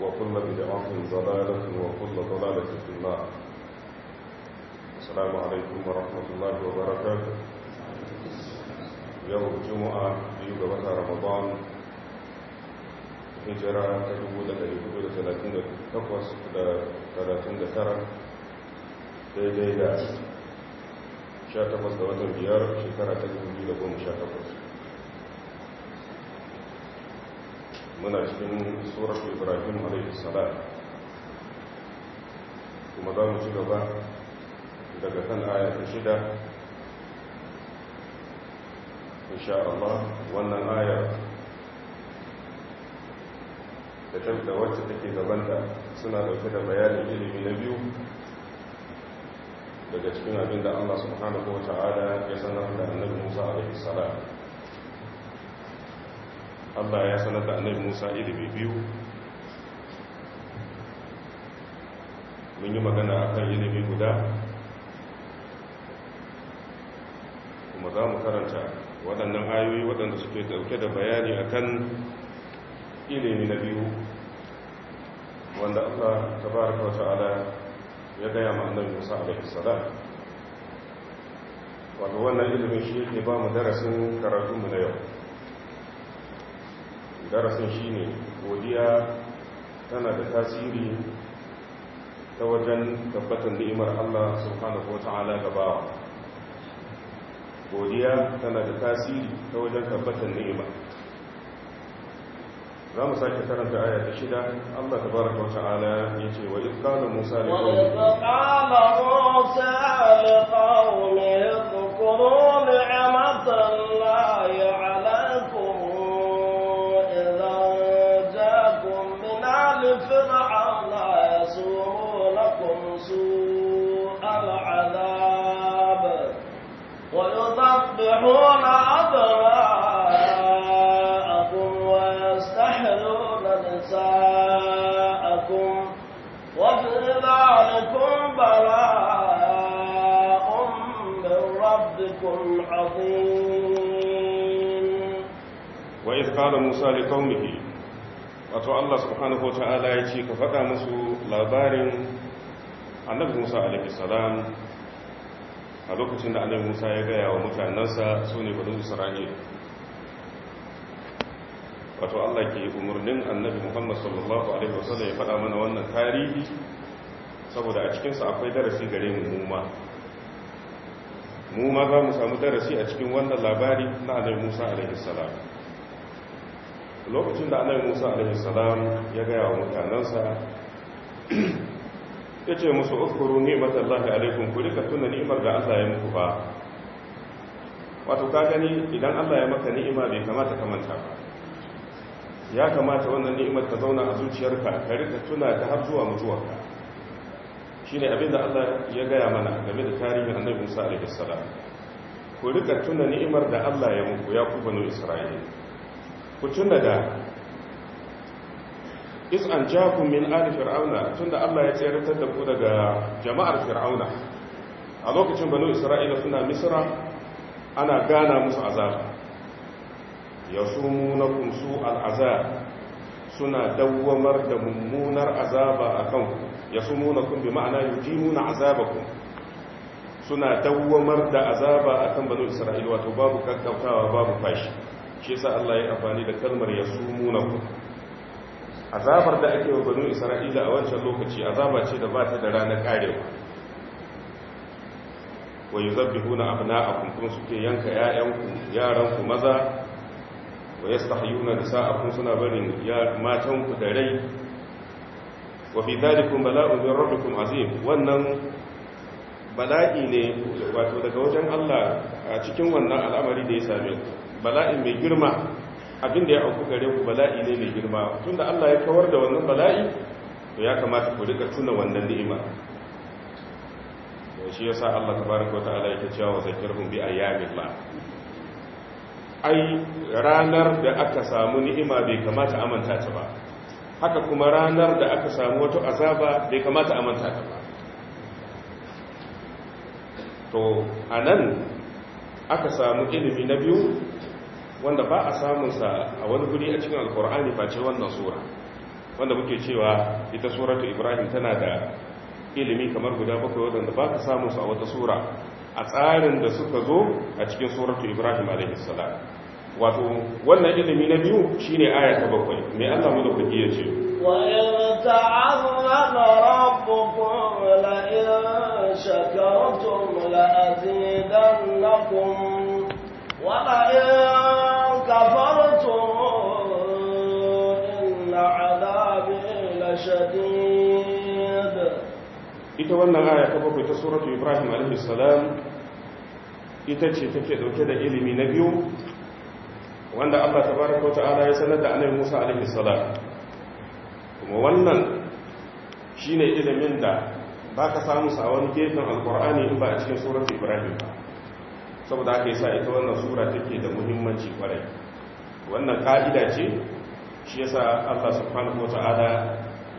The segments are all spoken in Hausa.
وكل بدعة ضلالة وكل ضلالة في النار السلام عليكم ورحمة الله وبركاته يوم الجمعة في وقت رمضان هجرة تجوز لأيكم ثلاثين تقوص إلى ثلاثين ترى daidai da 18 ga watan biyar shekara ta 2018 muna cikin tsoron ibrahim alaihissalam kuma za mu ci gaba daga kan ayata shida insha Allah wannan ayar da tabbata wacce take gabanta suna dauke da bayanin ilimi na biyu daga cikin abin da Allah subhanahu wa ta'ala ya sanar da annabi Musa alaihi Allah ya sanar da annabi Musa ilimi biyu mun yi magana akan ilimi guda kuma za mu karanta waɗannan ayoyi waɗanda suke ɗauke da bayani akan ilimi na biyu wanda Allah tabaraka wa ta'ala ya gaya ma annabi Musa alaihi salam wato wannan ilimin shi ne ba mu darasin karatunmu na yau darasin shine godiya tana da tasiri ta wajen tabbatar ni'imar Allah subhanahu wata'ala ga bawa godiya tana da tasiri ta wajen tabbatar ni'ima za mu sake karanta aya ta shida Allah tabaraka wata'ala ya ce wa idh qala musa da qawmihi wa براء من ربكم عظيم وإذ قال موسى لقومه wato Allah subhanahu wa ta'ala ya ce ka faɗa musu labarin annabi Musa alaihissalam a lokacin da annabi Musa ya gaya wa mutanensa su ne gudun Isra'il wato Allah ke umarnin annabi Muhammad sallallahu alaihi wasallam ya faɗa mana wannan tarihi saboda a cikinsa akwai darasi gare mu muma mu ma za mu samu darasi a cikin wannan labari na annabi Musa alaihi salam lokacin da annabi Musa alaihi salam ya gaya wa mutanansa ce musu ukuru ni'matallahi alaikum ku rika tuna ni'imar da Allah ya muku ba wato ka gani idan Allah ya maka ni'ima bai kamata ka manta ba ya kamata wannan ni'imar ta zauna a zuciyarka ka rika tuna ta har zuwa mutuwarka shine abinda Allah ya gaya mana game da tarihin annabi Musa alaihi salam ku rika tuna ni'imar da Allah ya muku ya ku Isra'ila ku tuna da is an jakum min ali fir'auna tunda Allah ya tsayar da ku daga jama'ar fir'auna a lokacin banu Isra'ila suna Misra ana gana musu azaba yasumunakum su'al azab suna dawwamar da mummunar azaba akan ku yasumunakum bi ma'ana yujimuna azabakum suna tawamar da azaba akan banu isra'ila wato babu kakkautawa babu fashi shi yasa Allah ya amfani da kalmar yasumunakum azabar da ake wa banu Isra'il a wancan lokaci azaba ce da ba ta da ranar karewa wa yuzabbihuna abna'akum kun suke yanka yayanku yaranku maza wa yastahyuna nisa'akum suna barin matanku da rai wa fi Bala'u bala'un min rabbikum azim wannan bala'i ne wato daga wajen Allah a cikin wannan al'amari da ya same bala’i mai girma abin da ya auku gare ku bala'i ne mai girma tunda Allah ya kawar da wannan bala'i to ya kamata ku rika tuna wannan ni'ima shi yasa Allah tabaraka wa ta'ala yake cewa zakirhum bi ba? ai ranar da aka samu ni'ima bai kamata amanta ta ba haka kuma ranar da aka samu wata azaba bai kamata a manta ta ba to a nan aka samu ilimi na biyu wanda ba a samunsa a wani guri a cikin alkur'ani ba ce wannan sura wanda muke cewa ita suratu ibrahim tana da ilimi kamar guda bakwai wadanda ba ka samunsa a wata sura a tsarin da suka zo a cikin suratu ibrahim A.S. wato wannan ilimi na biyu shine aya ta bakwai mai Allah mu da kuke ya ce ta in ta'azzana rabbukum la in ita wannan aya ta bakwai ta suratu ibrahim alaihi salam ita ce take dauke da ilimi na biyu wanda Allah tabaraka wa ta'ala ya sanar da annabi Musa alaihi salam kuma wannan shine ilimin da baka samu sa wani gefen alqur'ani in ba a cikin surar Ibrahim ba saboda haka yasa ita wannan sura take da muhimmanci kwarai wannan ka'ida ce shi yasa Allah subhanahu wa ta'ala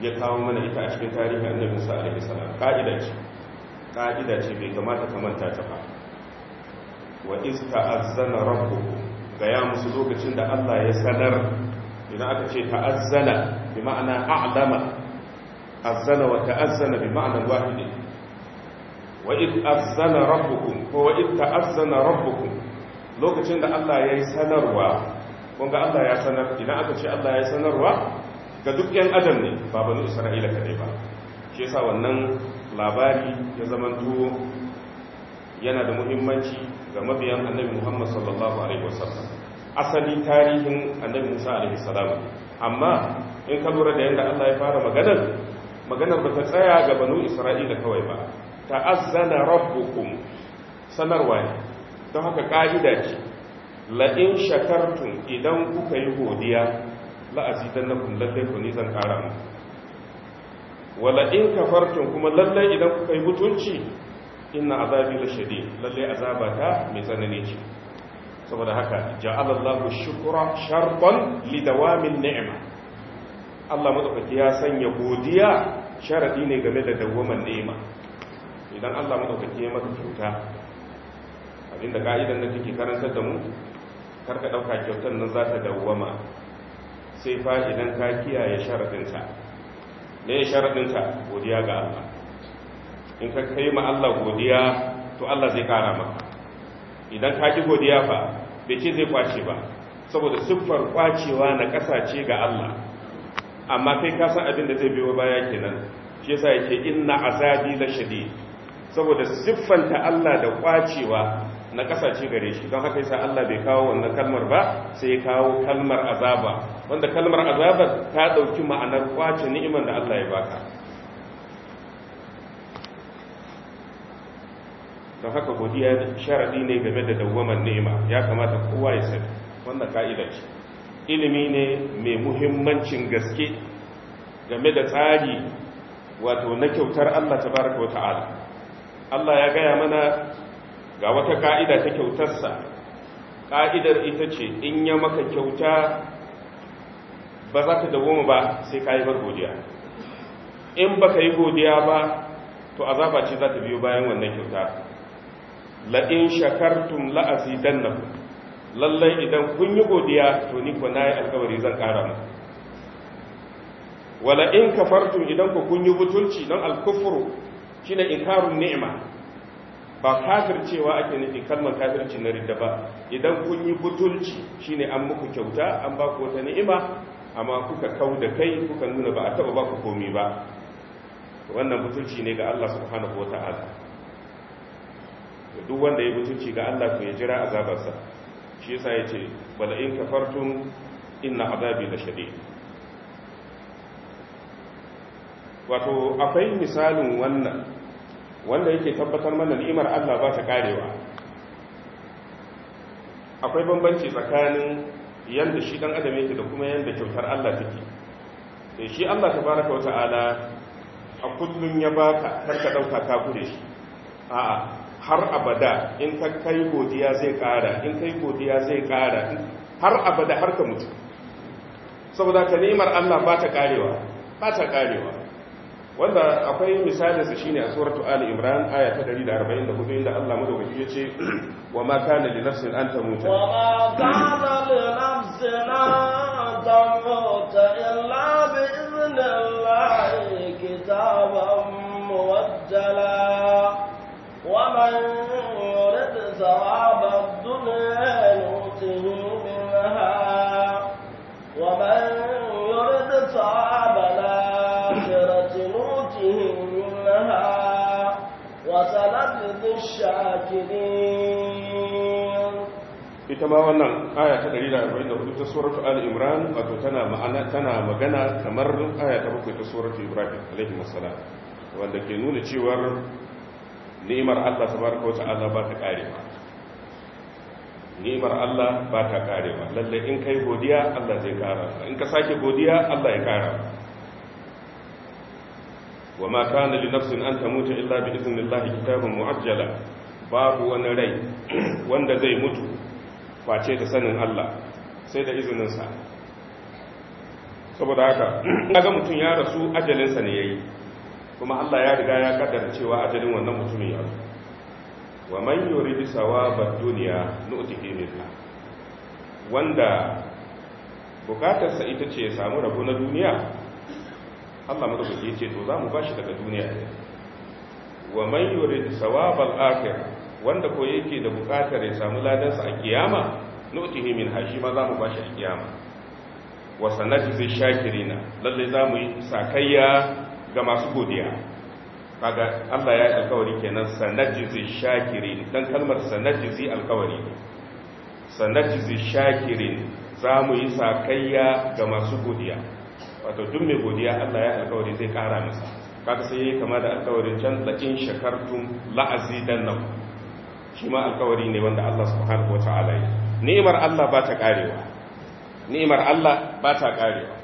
ya kawo mana ita a cikin tarihin annabi Musa alaihi salam ka'ida ce ka'ida ce bai kamata ka manta ta ba wa iz azzana rabbukum gaya musu lokacin da Allah ya sanar idan aka ce ta'azzana bi ma'ana a'lama azzana wa ta'azzana bi ma'ana wahidi wa id azzana rabbukum ko wa id ta'azzana rabbukum lokacin da Allah ya yi sanarwa kun ga Allah ya sanar idan aka ce Allah ya yi sanarwa ga duk yan adam ne ba banu Isra'ila kadai ba shi yasa wannan labari ya zama zamanto yana da muhimmanci ga mabiyan annabi Muhammad sallallahu alaihi wasallam asali tarihin annabi Musa alaihi salam amma in ka lura da yadda Allah ya fara maganar maganar ba ta tsaya ga banu Isra'ila kawai ba ta ta'azzana rabbukum sanarwa ne don haka ka'ida ce la in idan kuka yi godiya la kun lallai ku ni zan kara mu wala in kafartum kuma lallai idan kuka yi mutunci inna azabi la shadid lalle azabata mai tsanani ce saboda haka ja'ala Allahu shukra shartan li dawamin ni'ma Allah madaukaki ya sanya godiya sharadi ne game da dawaman nima idan Allah madaukaki ya maka kyauta abinda ka'idan da take karanta da mu karka dauka kyautar nan za ta dawama sai fa idan ka kiyaye ta ne ta godiya ga Allah in ka kai ma Allah godiya to Allah zai kara maka idan ka ki godiya fa bai ce zai kwace ba saboda siffar kwacewa na kasace ga Allah amma kai ka san abin da zai biyo baya kenan shi yasa yake inna azabi la shadid saboda siffanta Allah da kwacewa na kasace gare shi don haka yasa Allah bai kawo wannan kalmar ba sai ya kawo kalmar azaba wanda kalmar azabar ta dauki ma'anar kwace ni'imar da Allah ya baka don haka godiya sharadi ne game da dawwamar ni'ima ya kamata kowa ya sani wannan ka'ida ce ilimi ne mai muhimmancin gaske game da tsari wato na kyautar Allah tabaraka wa ta'ala Allah ya gaya mana ga wata ka'ida ta kyautarsa ka'idar ita ce in ya maka kyauta ba za ka dawoma ba sai ka yi godiya in ba ka yi godiya ba to azaba ce za ta biyo bayan wannan kyauta la'in shakartum la'azidan nan lallai idan kun yi godiya to ni ko na yi alkawari zan ƙara mu wala in kafartum idan ku kun yi butulci don alkufuru shine inkarun ni'ima ba cewa ake nufi kalmar kafirci na ridda ba idan kun yi butulci shine an muku kyauta an ba ku wata ni'ima amma kuka kau da kai kuka nuna ba a taɓa ba ku komi ba wannan butulci ne ga Allah subhanahu wataala duk wanda ya mutunci ga Allah to ya jira azabarsa shi yasa yace bal in kafartum inna azabi la shadid wato akwai misalin wannan wanda yake tabbatar mana ni'imar Allah ba ta karewa akwai bambanci tsakanin yanda shi dan adam yake da kuma yanda kyautar Allah take sai eh, shi Allah tabaraka wata'ala a kullun ya baka ka dauka ka kure shi a'a har abada in ka kai godiya zai ƙara in kai godiya zai ƙara har abada har ka mutu saboda ka ni'imar Allah ba ta ƙarewa ba ta ƙarewa wanda akwai misalinsa shine a suratul ali imran aya ta 144 inda Allah madaukaki yace wa ma kana li nafsin an tamuta wa ma kana li nafsin an tamuta illa bi idnillahi kitaban muwajjala ومن يرد ثواب الدنيا نؤته منها ومن يرد ثواب الآخرة نؤته منها وسنجزي الشاكرين ita ma wannan aya ta 144 ta suratu Ali Imran wato tana ma'ana tana magana kamar aya ta 7 ta suratu Ibrahim alaihi wassalam wanda ke nuna cewar ni'imar Allah tabaraka wa ta'ala ba ta kare ba, ni'imar Allah ba ta kare ba lalle in kai godiya Allah zai kara in ka sake godiya Allah ya kara wa ma kana li nafsin an tamuta illa bi idhnillahi kitabun muajjala babu wani rai wanda zai mutu face da sanin Allah sai da izininsa saboda haka kaga mutum ya rasu ajalinsa ne yayi kuma Allah ya riga ya kaddara cewa ajalin wannan mutumin ya zo wa man yuridu sawaba dunya nu'tihi minha wanda sa ita ce ya samu rabo na duniya Allah madaukaki ya ce to za mu shi daga duniya wa man yurid sawabal akhir wanda ko yake da bukatar ya samu sa a kiyama nu'tihi minha shi ma za mu shi a kiyama wa fi shakirina lalle za mu yi sakayya ga masu godiya kaga Allah ya yi alkawari kenan sanajizi shakirin dan kalmar sanajizi alkawari sanajizi shakirin za mu yi sakayya ga masu godiya wato duk mai godiya Allah ya alkawari zai kara masa kaga sai yayi kama da alkawarin can la in shakartum la azidannakum shi ma alkawari ne wanda Allah subhanahu wataala ya ni'imar Allah ba ta karewa ni'imar Allah ba ta karewa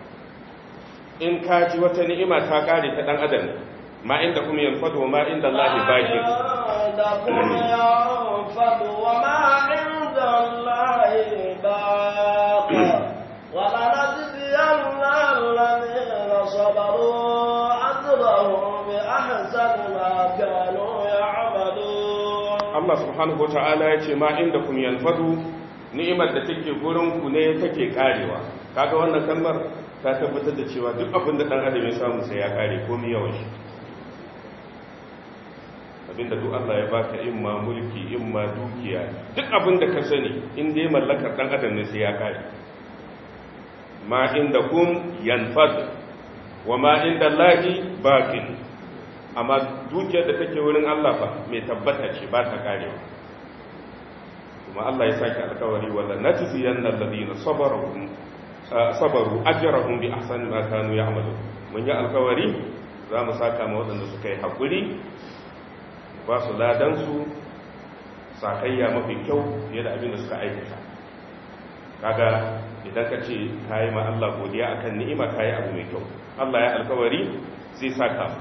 in ka ji wata ni'ima ta kare ta dan adam ma inda kuma yanfadu ma inda Allah ya baki Allah baki wa ta'ala ya ce ma inda kuma yanfadu ni'imar da take gurin ku ne take karewa kaga wannan kalmar ka tabbatar da cewa duk abin da ɗan adam ya samu sai ya ƙare ko mi yawan shi abinda duk Allah ya baka in ma mulki in ma dukiya duk abin da ka sani in dai mallakar ɗan adam ne sai ya ƙare ma inda kun yanfad wa ma inda lahi bakin amma dukiyar da take wurin Allah fa mai tabbata ce ba ta ƙarewa kuma Allah ya sake alkawari wala najziyanna alladhina sabaru sabaru ajrahum bi ahsan ma kanu ya'malu mun yi alkawari za mu saka ma waɗanda suka yi hakuri ba su ladan su sakayya mafi kyau fiye da abin da suka aikata kaga idan ka ce kayi ma Allah godiya akan ni'ima kayi abu mai kyau Allah ya alkawari sai saka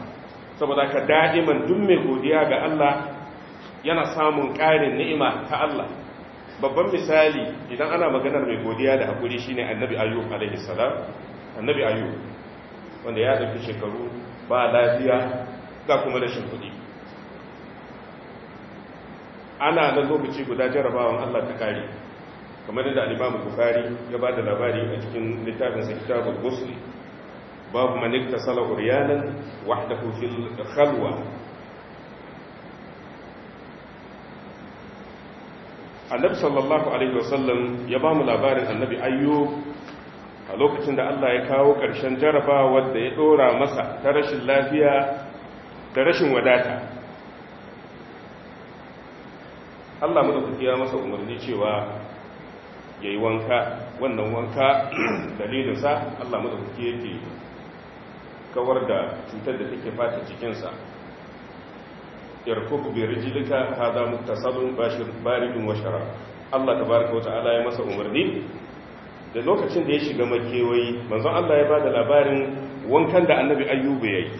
saboda ka da'iman duk mai godiya ga Allah yana samun ƙarin ni'ima ta Allah babban misali idan ana maganar mai godiya da hakuri shine annabi ayyub alaihi salam annabi ayyub wanda ya dauki shekaru ba lafiya ga kuma rashin kuɗi ana na lokaci guda jarabawan Allah ta kare kamar da al Bukhari ya bada labari a cikin littafin sa Kitabul Ghusl babu man iktasala uryanan wahdahu fil khalwa annabi sallallahu alaihi wasallam ya ba mu labarin annabi ayyo a lokacin da Allah ya kawo ƙarshen jarrabawar da ya ɗora masa ta rashin lafiya da rashin wadata Allah madaukaki ya masa umarni cewa ya yi wanka wannan wanka dalilinsa Allah madaukaki yake kawar da cutar da take fata cikinsa irkuku bi rijlika hada muttasabun bashir baridun wa shara Allah tabaaraka wa ta'ala ya masa umarni da lokacin da ya shiga makewayi manzon Allah ya bada labarin wankan da annabi ayyub yayi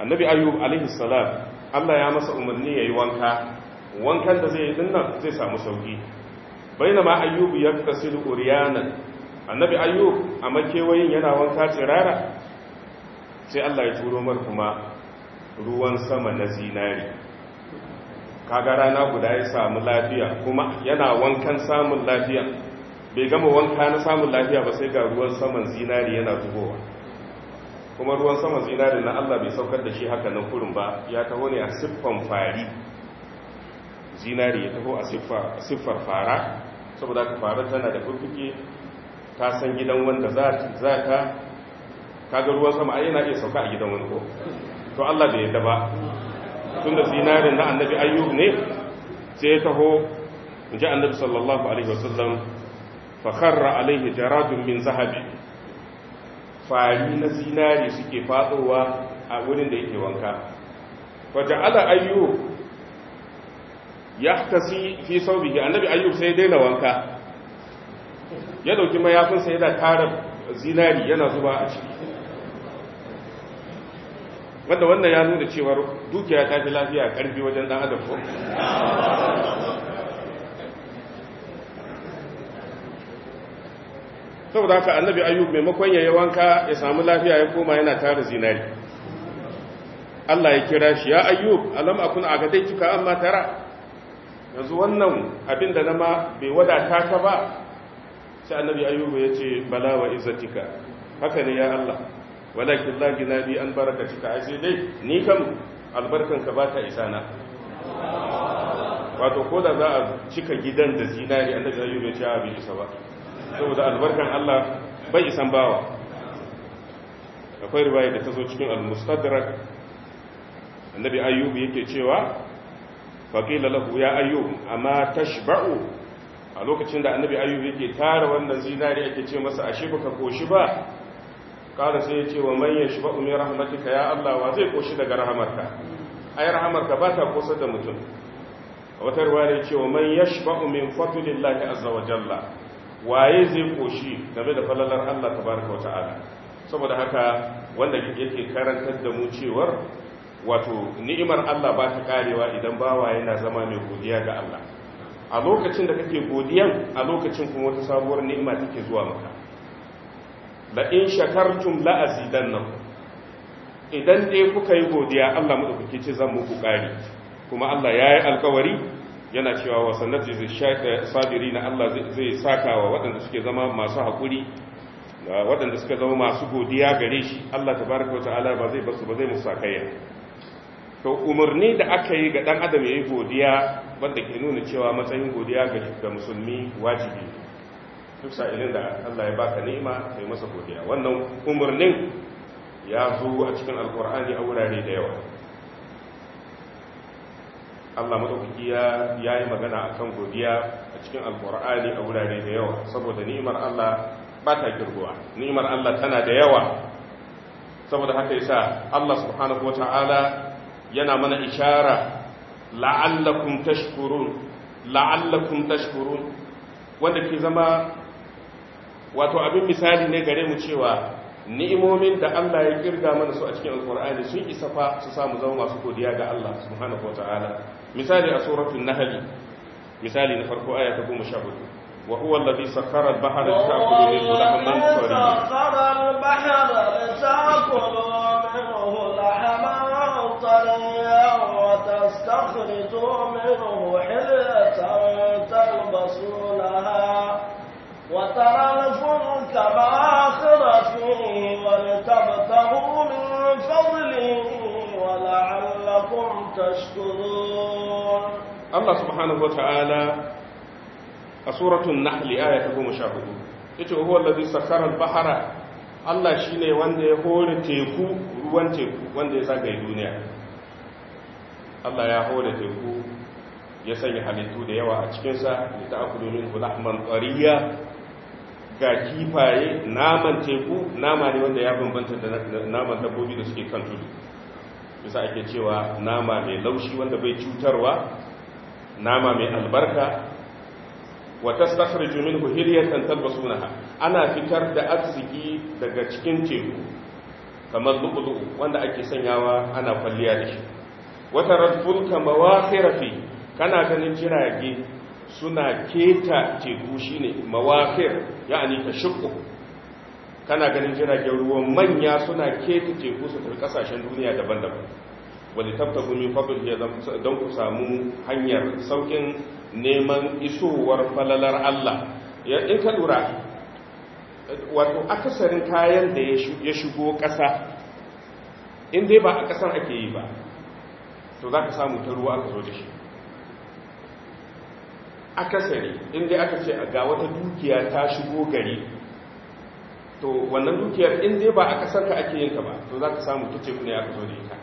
annabi ayyub alaihi salam Allah ya masa umarni yayi wanka wankan da zai yi dinnan zai samu sauki bainama ayyub yaktasilu uryanan annabi ayyub a makewayin yana wanka tsirara sai Allah ya turo mar kuma ruwan sama na zinari kaga rana guda ya samu lafiya kuma yana wankan samun lafiya bai gama wanka na samun lafiya ba sai ga ruwan saman zinari yana zubowa kuma ruwan saman zinari na Allah bai saukar da shi haka nan kurin ba ya taho ne a siffan fari zinari ya taho a siffar fara saboda ka fara tana da kurkuke ta san gidan wanda za ta kaga ruwan sama ai yana iya sauka a gidan wani ko to Allah bai yadda ba tunda zinarin na annabi ayyub ne sai ya taho ji annabi sallallahu alaihi wasallam fa kharra alaihi jaradun min zahabi fari na zinari suke fadowa a wurin da yake wanka fa ja'ala ayyub yahtasi fi saubihi annabi ayyub sai daina wanka ya dauki sai da tara zinari yana zuba a ciki wanda wannan ya nuna cewa dukiya ta fi lafiya karfi wajen dan adam ko saboda haka annabi ayyub maimakon yayi wanka ya samu lafiya ya koma yana tara zinari Allah ya kira shi ya ayyub alam akun kika amma tara yanzu wannan abin da nama bai wadata ka ba sai annabi ayyub ya ce bala wa izzatika haka ne ya Allah walakin la gina bi an baraka cika ashe dai ni kam albarkanka ba ta isa na wato ko da za a cika gidan da zinari da zai ya ce a bi isa ba saboda albarkan Allah bai isan bawa akwai riwaya da ta zo cikin al-mustadrak annabi ayyub yake cewa faqila lahu ya ayyub amma tashba'u a lokacin da annabi ayyub yake tara wannan zinari ake ce masa ashe baka koshi ba ƙara sai ya ce wa manyan shi ba'u ya Allah wa zai koshi daga rahamarka ai rahamarka ba ta kosar da mutum wata ruwa ne ce wa man ya min fatulin azza wa jalla waye zai koshi game da falalar Allah ta baraka wata ala saboda haka wanda yake karantar da mu cewar wato ni'imar Allah ba ta karewa idan bawa yana zama mai godiya ga Allah a lokacin da kake godiyan a lokacin kuma wata sabuwar ni'ima take zuwa maka la in shakartum la nan idan dai kuka yi godiya Allah madaukake ce zan muku ƙari kuma Allah ya yi alkawari yana cewa wa sanati eh, sabiri na Allah zai saka wa waɗanda suke zama masu haƙuri waɗanda suka zama masu godiya gare shi Allah tabaraka wa ta'ala ba zai basu ba zai musu to umarni da aka yi ga dan adam yayi godiya wanda ke nuna cewa matsayin godiya ga musulmi wajibi ne duk sa'ilin da Allah ya baka ni'ima kai masa godiya wannan umarnin ya zo a cikin alkur'ani a wurare da yawa Allah madaukaki ya yi magana akan godiya a cikin alkur'ani a wurare da yawa saboda ni'imar Allah ba ta kirguwa ni'imar Allah tana da yawa saboda haka yasa Allah subhanahu wata'ala yana mana ishara la'allakum tashkurun la'allakum tashkurun wanda ke zama wato abin misali ne gare mu cewa ni'imomin da Allah ya kirga mana su a cikin alkur'ani sun isa fa su samu zama masu godiya ga Allah subhanahu wataala misali a suratul nahl misali na farko aya ta 14 wa huwa alladhi sakhkhara al-bahra lita'kulu minhu lahman tariya sakhkhara al-bahra minhu lahman wa minhu وترى الفلك باخرة ولتبتغوا من فضله ولعلكم تشكرون الله سبحانه وتعالى سورة النحل آية 14 yace huwa allazi sakhara al-bahra Allah shine wanda ya hore teku ruwan teku wanda ya zagaye duniya Allah ya hore teku ya sanya halittu da yawa a cikin sa li ta'kulu minhu lahman tariya ga kifaye naman teku nama ne wanda ya bambanta da naman dabbobi da suke kan tudu bisa ake cewa nama mai laushi wanda bai cutarwa nama mai albarka wata stakar jumin huhiriyar tantar ana fitar da arziki daga cikin teku kamar dubu wanda ake sanyawa ana kwalliya da shi wata radfulka mawakirafi kana ganin jirage suna keta teku shi ne mawafir ya'ani shukku kana ganin jiragen ruwan manya suna keta teku su tafi kasashen duniya daban-daban wani tafta gumi fabil ya don ku samu hanyar saukin neman isowar falalar Allah in ka lura wato akasarin kayan da ya shigo ƙasa in dai ba a ƙasar ake yi ba to za ka samu ta ruwa ka zo da shi akasari inda aka ce ga wata dukiya ta shigo gari to wannan dukiyar inda ba a kasar ka ake yinka ba to za ka samu ta teku ne aka zo da ita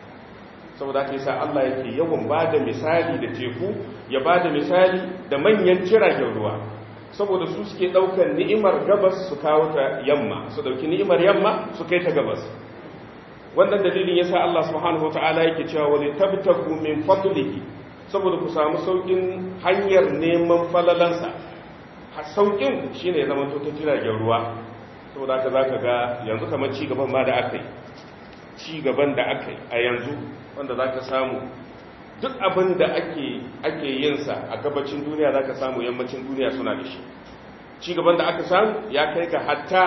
saboda aka sa Allah yake yawan ba da misali da teku ya ba da misali da manyan jiragen ruwa saboda su suke ɗaukar ni'imar gabas su kawo ta yamma su ɗauki ni'imar yamma su kai ta gabas wannan dalilin ya sa Allah subhanahu wa ta'ala yake cewa wani tabtaku min fadlihi saboda ku samu saukin hanyar neman falalansa saukin shi ne zama ta jiragen ruwa saboda haka za ka ga yanzu kamar cigaban ma da aka yi cigaban da aka yi a yanzu wanda za ka samu duk abin da ake yinsa a gabacin duniya za ka samu yammacin duniya suna da shi cigaban da aka samu ya kai ga hatta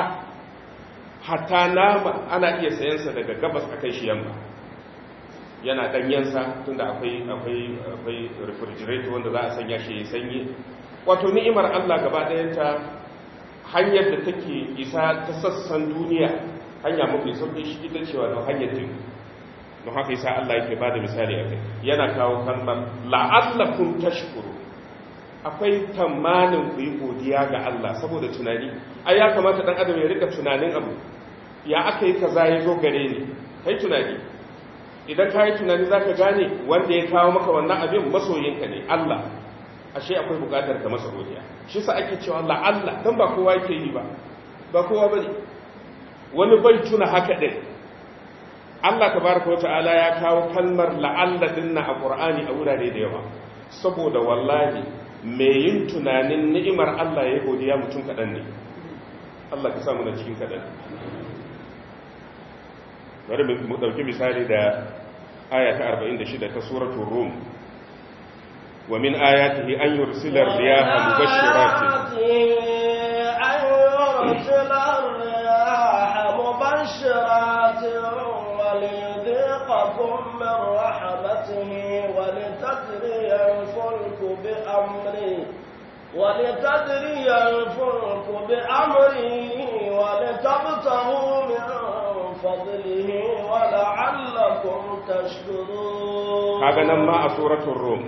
hatta nama ana iya sayansa daga gabas a kai shi yamma yana ɗanyensa tunda akwai akwai akwai refrigerator wanda za a sanya shi ya sanyi wato ni'imar Allah gaba ta hanyar da take isa ta sassan duniya hanya mafi sauƙi shi ita cewa na hanyar teku don haka isa Allah yake da misali a kai yana kawo kalmar la'allakun tashkuru akwai tamanin ku yi godiya ga Allah saboda tunani a ya kamata ɗan adam ya rika tunanin abu ya aka yi kaza ya zo gare ni kai tunani idan ka yi tunani za ka gane wanda ya kawo maka wannan abin masoyinka ne Allah ashe akwai bukatar ka masa godiya shi sa ake cewa Allah Allah dan ba kowa yake yi ba ba kowa bane wani bai tuna haka din Allah tabaraka wa ta'ala ya kawo kalmar la'alla dinna a Qur'ani a wurare da yawa saboda wallahi me yin tunanin ni'imar Allah ya godiya mutum kadan ne Allah ka sa mu cikin kadan bari mu dauki misali da aya ta 46 ta suratul rum wa min ayatihi an yursila riyaha mubashiratin ولتدري من رحمته الفلك بأمره ولتبتغوا فضله ولعلكم تشكرون هذا نما سورة الروم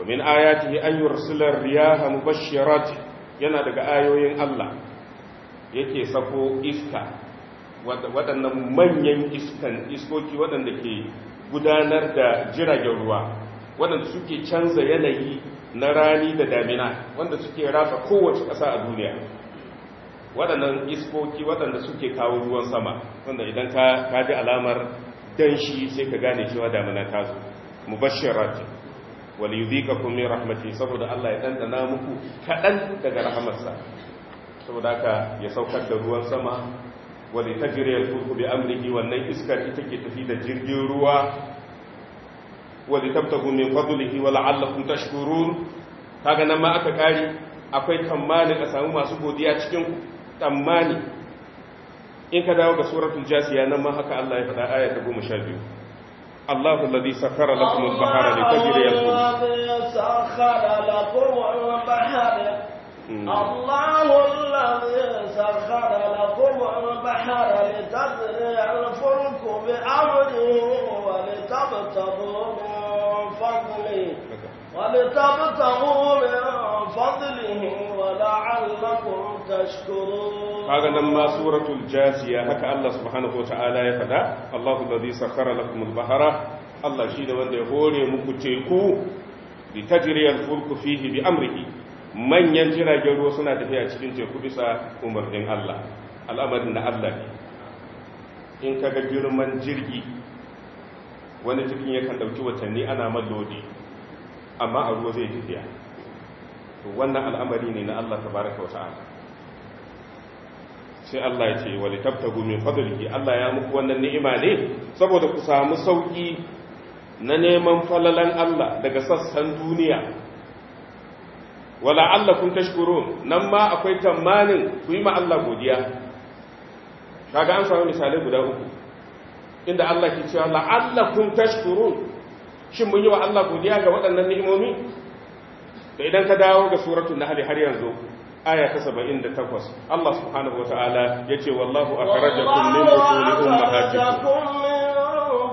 ومن آياته أن يرسل الرياح مبشرات yana daga ayoyin Allah yake sako iska waɗannan manyan iskan iskoki waɗanda ke gudanar da jiragen ruwa waɗanda suke canza yanayi na rani da damina wanda suke rasa kowace ƙasa a duniya waɗannan iskoki waɗanda suke kawo ruwan sama wanda idan ka kaji alamar danshi sai ka gane cewa damina ta zo mubashirat wal yudhikakum min rahmati saboda Allah ya dandana muku kaɗan daga rahamarsa saboda ka ya saukar da ruwan sama wal tajri al fulku bi amrihi wannan iskar ita ke tafi da jirgin ruwa wal tabtagu min fadlihi wa la'allakum tashkurun kaga nan ma aka kare akwai kammani ka samu masu godiya cikin ku tsammani in ka dawo ga suratul jasiya nan ma haka Allah ya faɗa aya ta goma sha biyu الله الذي سخر لكم البحر لتجري الفلك الذي سخر لكم البحر الله الذي سخر لكم البحر لتجري الفلك بأمره ولتبتغوا من فضله ولتبتغوا من فضله ولعلكم kaga nan ma suratul jasiya haka Allah subhanahu wataala ya faɗa Allahu allazi sakhara al bahara Allah shi da wanda ya hore muku teku litajri al-fulku fihi bi amrihi manyan jiragen ruwa suna tafiya cikin teku bisa umarnin Allah al'amarin na Allah ne in kaga girman jirgi wani jirgin yakan dauki watanni ana mallodi amma a ruwa zai tafiya to wannan al'amari ne na Allah tabaraka wa ta'ala sai Allah ya ce wani tabta gumi fadlihi Allah ya muku wannan ni'ima ne saboda ku samu sauki na neman falalan Allah daga sassan duniya wala Allah kun tashkuru nan ma akwai tamanin ku yi ma Allah godiya kaga an samu misalai guda uku inda Allah ke cewa Allah kun tashkurun shin mun yi wa Allah godiya ga waɗannan ni'imomi da idan ka dawo ga suratul nahl har yanzu aya ta 78 Allah subhanahu wataala yace wallahu akhrajakum min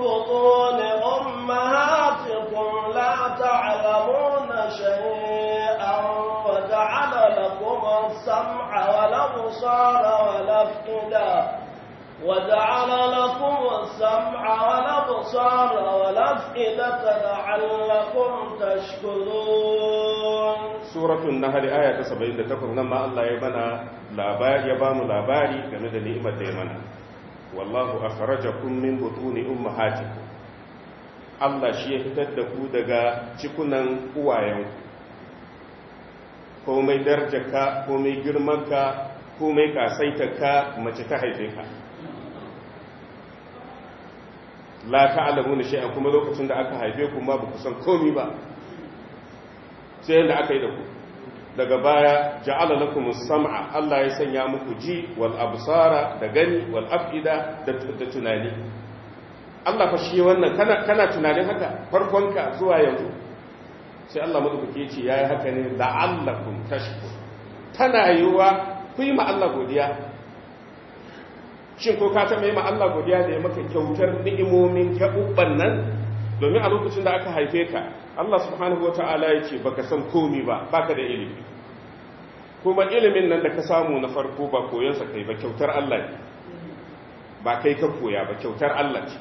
butuni ummahatikum la ta'lamuna shay'an wa ja'ala lakum as-sam'a wal absara wal afida وجعل لكم السمع والأبصار والأفئدة لعلكم تشكرون سورة النهر آية 78 نما الله يبنى labari ya bamu labari game da ni'imar da ya mana wallahu akhrajakum min Allah shi ya fitar da ku daga cikunan uwayenku komai darajarka komai girmanka komai kasaitaka mace ta haifinka. la na shay'an kuma lokacin da aka haife ku ma baku san komi ba sai yanda aka yi da ku daga baya ja'ala lakum sam'a Allah ya sanya muku ji wal absara da gani wal afida da tunani Allah fa shi wannan kana kana tunanin haka farkon ka zuwa yanzu sai Allah madaukake ce yayi haka ne la'allakum tashkur tana yiwa ku yi ma Allah godiya shin ko ka taɓa yi ma Allah godiya da ya maka kyautar ni'imomin gaɓuɓɓan nan domin a lokacin da aka haife ka Allah subhanahu wa ta'ala ya ce baka san komi ba baka da ilimi kuma ilimin nan da ka samu na farko ba koyonsa kai ba kyautar Allah ne ba kai ka koya ba kyautar Allah ce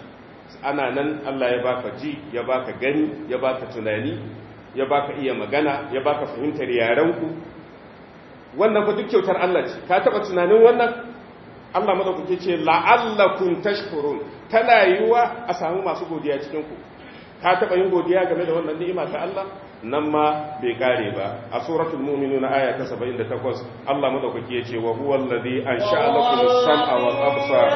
ana nan Allah ya baka ji ya baka gani ya baka tunani ya baka iya magana ya baka fahimtar yarenku wannan ba duk kyautar Allah ce ka taba tunanin wannan Allah madaukake ce la'allakum tashkurun tana yiwa a samu masu godiya cikin ku ka taba yin godiya game da wannan ni'ima ta Allah nan ma bai kare ba a suratul mu'minun aya ta 78 Allah madaukake ya ce wa huwa allazi ansha'a lakum as-sam'a wal absar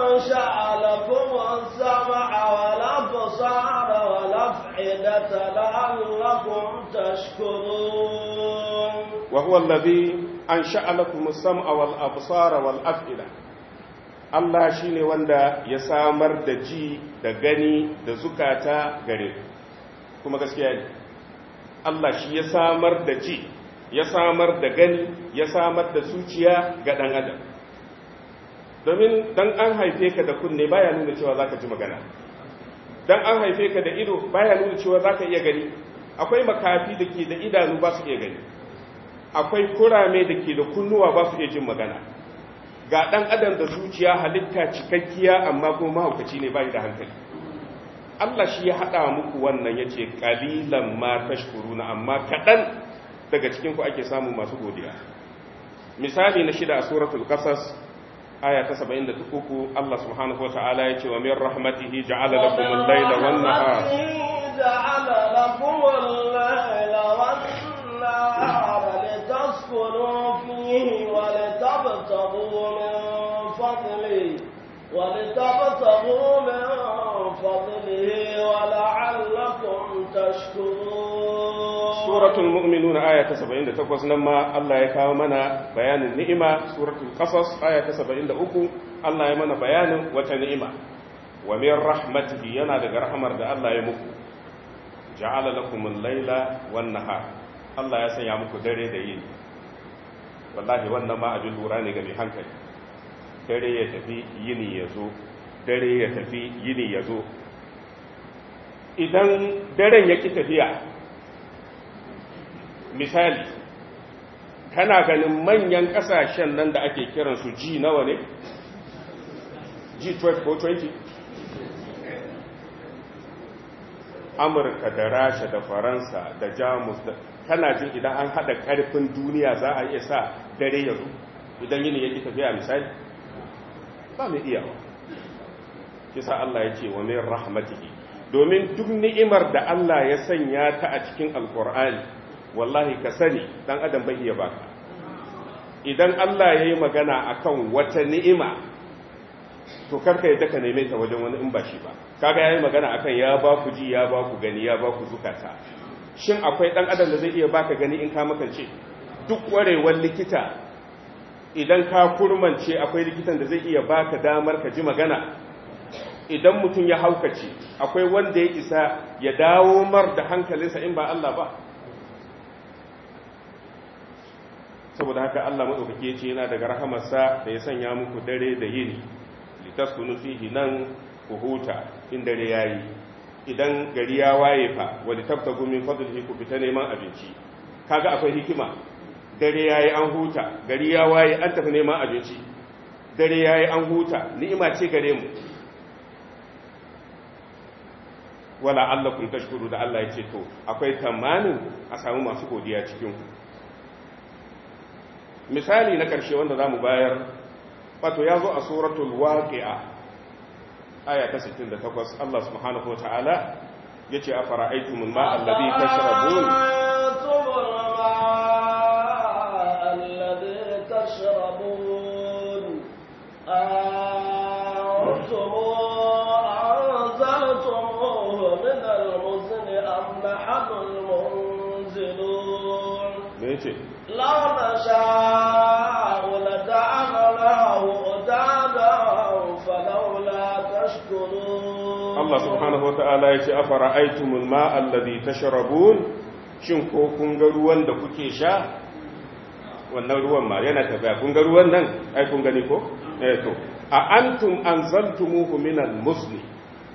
ansha'a lakum as-sam'a wal wal af'idata la'allakum tashkurun wa huwa an sha'alakum sam'a wal absara wal af'ida Allah ne wanda ya samar da ji da gani da zukata gare kuma gaskiya ne Allah shi ya samar da ji ya samar da gani ya samar da zuciya ga dan adam domin dan an haife ka da kunne baya nuna cewa zaka ji magana dan an haife ka da ido baya nuna cewa zaka iya gani akwai makafi da ke da idanu ba su iya gani akwai kurame da ke da kunnuwa ba su iya jin magana ga ɗan adam da zuciya halitta cikakkiya amma kuma mahaukaci ne ba da hankali Allah shi ya haɗa muku wannan ya ce ƙalilan ma na amma kaɗan daga cikinku ake samu masu godiya misali na shida a suratul kasas aya ta 73 Allah subhanahu ta'ala, ya ce wa min rahmatihi ja'ala lakum al wan-nahara ja'ala lakum ولتبتغوا من فضله ولعلكم تشكرون سورة المؤمنون آية 78 لما الله يكاو منا بيان النعمة سورة القصص آية 73 الله يمنا بيان وتنعمة ومن رحمته ينا دغ رحمر ده الله يمكو جعل لكم الليل والنهار الله يسن يا muku dare da yini wallahi wannan ma abin lura ne ga mai hankali dare ya tafi yini ya zo dare ya tafi yini ya zo idan daren ya ƙi tafiya misali kana ganin manyan ƙasashen nan da ake kiransu g nawa ne g12 ko 20 amurka da rasha da faransa da jamus da kana jin idan an haɗa ƙarfin duniya za a iya sa dare ya zo idan yini ya ƙi tafiya misali ba mai iyawa kisa Allah ya ce wa mai rahmatihi domin duk ni'imar da Allah ya sanya ta a cikin alkur'ani wallahi ka sani dan adam bai iya baka idan Allah ya yi magana a kan wata ni'ima to karka yadda ka neme ta wajen wani in ba shi ba kaga yayi magana akan ya ba ku ji ya ba ku gani ya ba ku zukata shin akwai dan adam da zai iya baka gani in ka makance duk warewar likita idan ka kurmance akwai likitan da zai iya baka damar ka ji magana idan mutum ya haukace akwai wanda ya isa ya dawo mar da hankalinsa in ba Allah ba saboda haka Allah maɗaukake ce yana daga rahamarsa da ya sanya muku dare da yini litaskunu fihi nan ku huta in dare yayi idan gari ya waye fa wani tabtagu min fadlihi ku fita neman abinci kaga akwai hikima dare ya yi an huta gari ya waye an tafi neman abinci dare ya yi an huta ni'ima ce gare mu wala Allah kun tashkuru da Allah ya ce to akwai tamanin a samu masu godiya cikin ku misali na karshe wanda za mu bayar wato yazo a suratul waqi'a aya ta 68 Allah subhanahu ta'ala yace afara'aytumul ma'a alladhi tashrabun ce Allah subhanahu wa ta'ala ce, afara aitumul ma'a alladhi tashrabun shin ko kun ga ruwan da kuke sha wannan ruwan ma yana tafiya kun ga ruwan nan ai kun gani ko eh to a antum anzaltumuhu minal musli,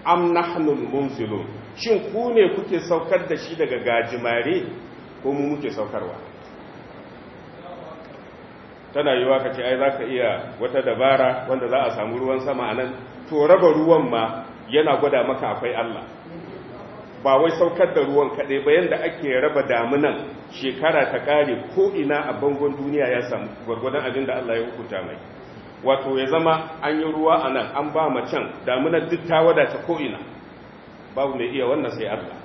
am nahnu munzilun shin ku ne kuke saukar da shi daga gajimare ko mu muke saukarwa tana yi wa kace ai zaka iya wata dabara wanda za a samu ruwan sama anan to raba ruwan ma yana gwada maka akwai Allah ba wai saukar da ruwan kaɗai ba yanda ake raba damunan shekara ta ƙare ko ina a bangon duniya ya samu gwargwadon abin da Allah ya hukunta mai wato ya zama an yi ruwa a nan an ba ma can damunan duk ta wadata ko ina babu mai iya wannan sai Allah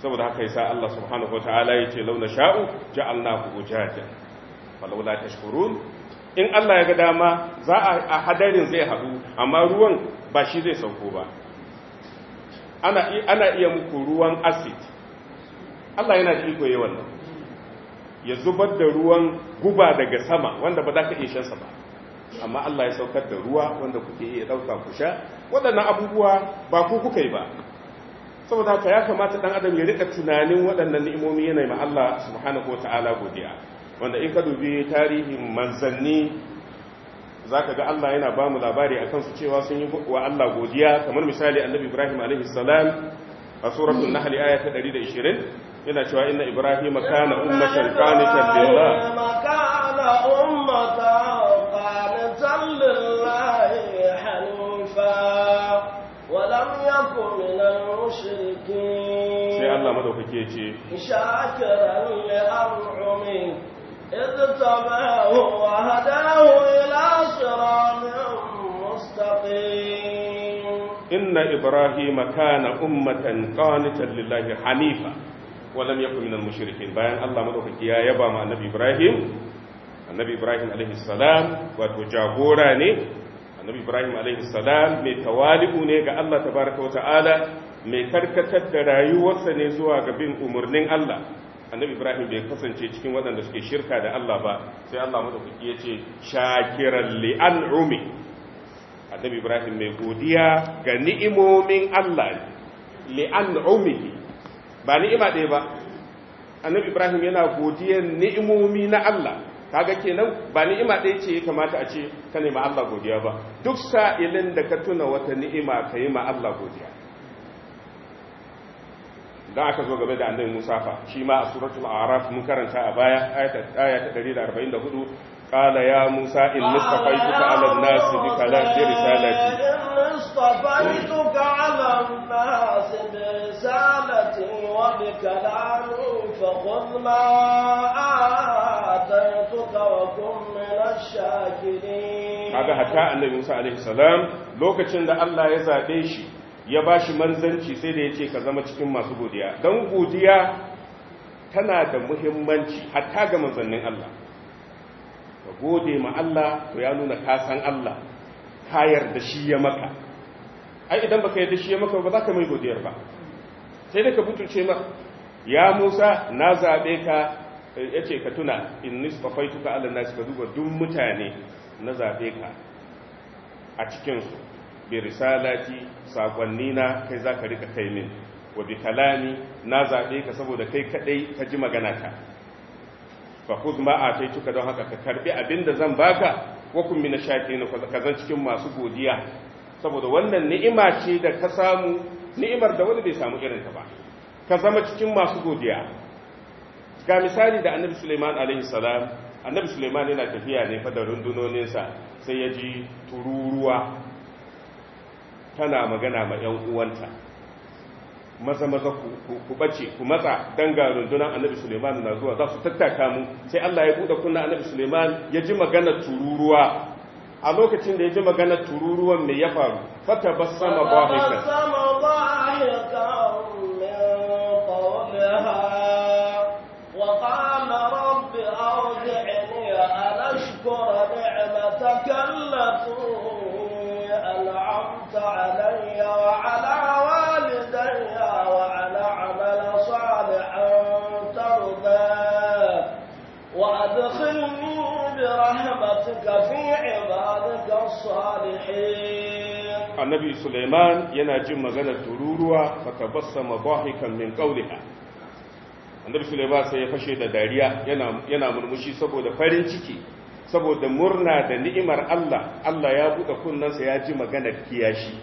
saboda haka yasa Allah subhanahu wataala yace launa sha'u ja'alnahu ujajan falaula tashkurun in Allah ya ga dama za a hadarin zai haɗu amma ruwan ba shi zai sauko ba ana iya muku ruwan acid Allah yana da iko yawan wannan ya zubar da ruwan guba daga sama wanda ba za ka iya shansa ba amma Allah ya saukar da ruwa wanda kuke iya ɗauka ku sha waɗannan abubuwa ba ku kuka yi ba saboda haka ya kamata ɗan adam ya rika tunanin waɗannan ni'imomi yana ma Allah subhanahu ta'ala godiya wanda in ka dubi tarihin manzanni za ka ga Allah yana ba mu labari a kansu cewa sun yi wa Allah godiya kamar misali annabi Ibrahim alaihissalam a suratun nahali aya ta 120 yana cewa inna Ibrahim kana na qanitan kana sai Allah madaukake ce اتبعه وهداه إلى صراط مستقيم إن إبراهيم كان أمة قانتا لله حنيفا ولم يكن من المشركين بيان الله مدوكي يا يبا مع النبي إبراهيم النبي إبراهيم عليه السلام وتجابورا ne annabi Ibrahim alaihi salam mai tawali'u ne ga Allah tabaraka wa ta'ala mai karkatar da rayuwarsa ne zuwa ga bin umarnin Allah annabi ibrahim bai kasance cikin waɗanda suke shirka da Allah ba sai Allah madaukaki ya ce shakiran li an'umi annabi ibrahim mai godiya ga ni'imomin Allah li an'umihi ba ni'ima ɗaya ba annabi ibrahim yana godiyar ni'imomi na Allah kaga kenan ba ni'ima ɗaya ce ya kamata a ce ka nema Allah godiya ba duk sa'ilin da ka tuna wata ni'ima ka ma Allah godiya idan aka zo gaba da annabi Musa fa shi ma a suratul a'raf mun karanta a baya aya ta 144 qala ya Musa in mustafaituka 'ala an-nas bi kalami risalati mustafaituka 'ala an-nas bi risalati wa bi kalami fa khudh ma a'taytuka wa kun min ash-shakirin kaga hatta annabi Musa alaihi salam lokacin da Allah ya zabe shi ya ba shi manzanci sai da ya ce ka zama cikin masu godiya don godiya tana da muhimmanci hatta ga manzannin Allah ka gode ma Allah to ya nuna ka Allah kayar da shi ya maka ai idan baka yarda shi ya maka ba za ka mai godiyar ba sai da ka butulce ma ya Musa na zaɓe ka yace ka tuna in inni allah na nas ka duba duk mutane na zaɓe ka a cikin bi risalati sakonni na kai zaka rika kai min wa bi kalami na zaɓe ka saboda kai kaɗai ka ji magana ta fa khudh ma tuka don haka ka karbi abinda zan baka wa kun min shakirin ka zan cikin masu godiya saboda wannan ni'ima ce da ka samu ni'imar da wani bai samu irin ta ba ka zama cikin masu godiya ga misali da annabi Suleiman alaihi salam annabi Suleiman yana tafiya ne fa da rundunoninsa sai ya ji tururuwa tana magana ma ‘yan uwanta maza maza ku bace ku matsa don ga rundunar annabi suleiman na zuwa za su tattaka mu sai allah ya buɗe kunna annabi suleiman ya ji magana tururuwa a lokacin da ya ji magana tururuwan mai ya faru fata ba sama ba haika annabi النبي yana يناجم maganar tururuwa فتبسم ضاحكا من قولها annabi Sulaiman sai ya fashe da dariya yana murmushi saboda farin ciki saboda murna da ni'imar Allah Allah ya buɗe kunnensa ya ji maganar kiyashi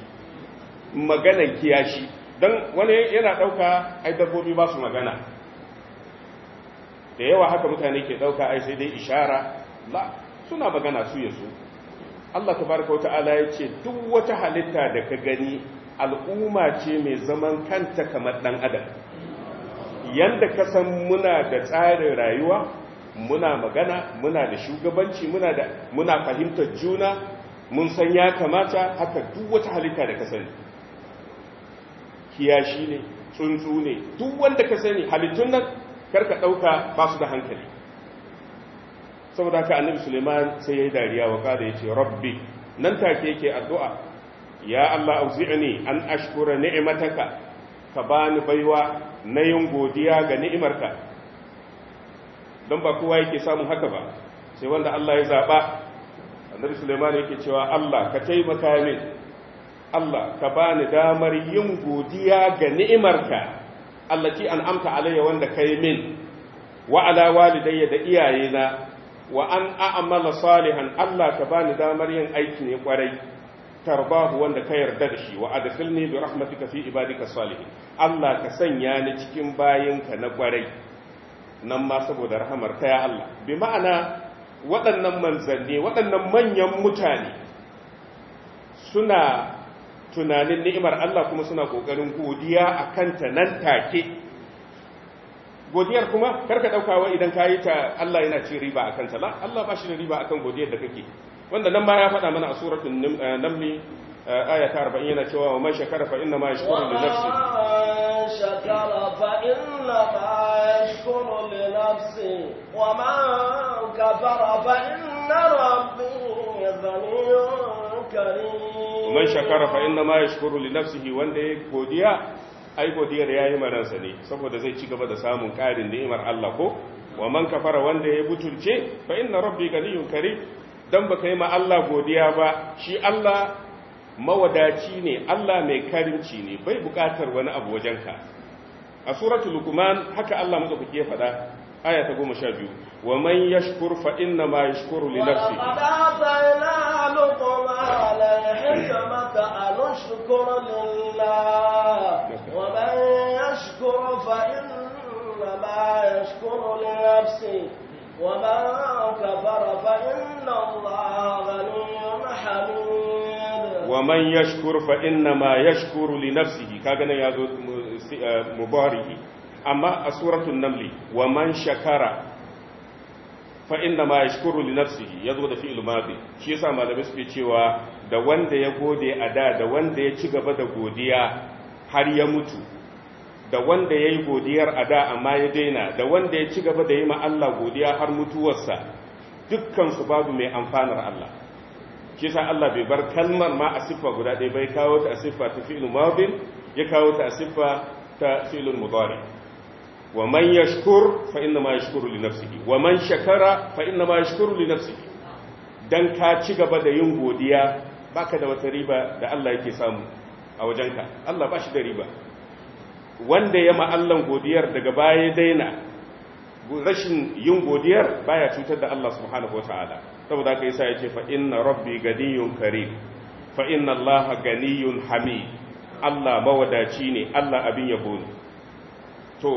maganar kiyashi don wani yana ɗauka ai dabbobi ba su magana da yawa haka mutane ke ɗauka ai sai dai ishara la suna magana su yanzu. Allah tabaraka wata ala ya ce duk wata halitta da ka gani al'umma ce mai zaman kanta kamar ɗan adam yanda ka san muna da tsarin rayuwa muna magana muna da shugabanci muna muna fahimtar juna mun san ya kamata haka duk wata halitta da ka sani kiyashi ne tsuntsu ne duk wanda ka sani halittun nan karka ɗauka ba su da hankali saboda haka annabi suleiman sai ya yi dariya wa kada ya ce rabbi nan take yake addu'a ya allah auzi'ni an ashkura ni'mataka ka bani baiwa na yin godiya ga ni'imarka don ba kowa yake samun haka ba sai wanda allah ya zaɓa annabi suleiman yake cewa allah ka taimaka min allah ka bani damar yin godiya ga ni'imarka allati an amta alayya wanda kai min wa ala walidayya da iyayena wa an a'amala salihan Allah ka bani damar yin aiki ne kwarai tarbahu wanda ka yarda da shi wa adkhilni bi rahmatika fi ibadika salihin Allah ka sanya ni cikin bayinka na kwarai nan ma saboda rahamar ka ya Allah bi ma'ana waɗannan manzanni waɗannan manyan mutane suna tunanin ni'imar Allah kuma suna ƙoƙarin godiya a kanta nan take godiyar kuma karka daukawa idan ka yi ta Allah yana ci riba akan ta Allah ba shi da riba akan godiyar da kake wanda nan ma ya faɗa mana a suratul eh, namli eh, aya ta 40 yana cewa wa man shakara fa inna ma yashkuru li nafsi shakara fa inna ma yashkuru li nafsi wa man kafara fa inna rabbi ghaniyyun karim man shakara fa inna ma yashkuru li nafsihi wanda ya godiya ai godiyar ya yi maransa ne saboda zai ci gaba da samun ƙarin ni'imar Allah ko wa man kafara wanda ya butulce fa inna rabbi ganiyun karim dan baka yi ma Allah godiya ba shi Allah mawadaci ne Allah mai karimci ne bai bukatar wani abu wajenka a suratul luqman haka Allah muka fike faɗa aya ta 12 ومن يشكر فإنما يشكر لنفسه ولقد آتينا لقمان الحكمة أن لله ومن يشكر فإنما يشكر لنفسه ومن كفر فإن الله غني حميد ومن يشكر فإنما يشكر لنفسه كأن يقول آه، مبارك أما سورة النمل ومن شكر fa inda ma shukuru li nafsihi zo da fi'il madi shi yasa malamai suke cewa da wanda ya gode a da da wanda ya ci gaba da godiya har ya mutu da wanda ya yi godiyar a da amma ya daina da wanda ya ci gaba da yi ma Allah godiya har mutuwarsa dukkan su babu mai amfanar Allah shi yasa Allah bai bar kalmar ma a siffa guda ɗaya bai kawo ta a siffa ta fi'il madi ya kawo ta a siffa ta fi'il mudari wa man yashkur fa inna ma yashkuru li nafsihi wa man shakara fa inna ma yashkuru li nafsihi dan ka ci gaba da yin godiya baka da wata riba da Allah yake samu a wajenka Allah ba shi da riba wanda ya ma'allan godiyar daga baya daina rashin yin godiyar baya cutar da Allah subhanahu wataala saboda haka yasa yake fa inna rabbi ganiyun karim fa inna Allah ganiyun hamid Allah mawadaci ne Allah abin yabo ne to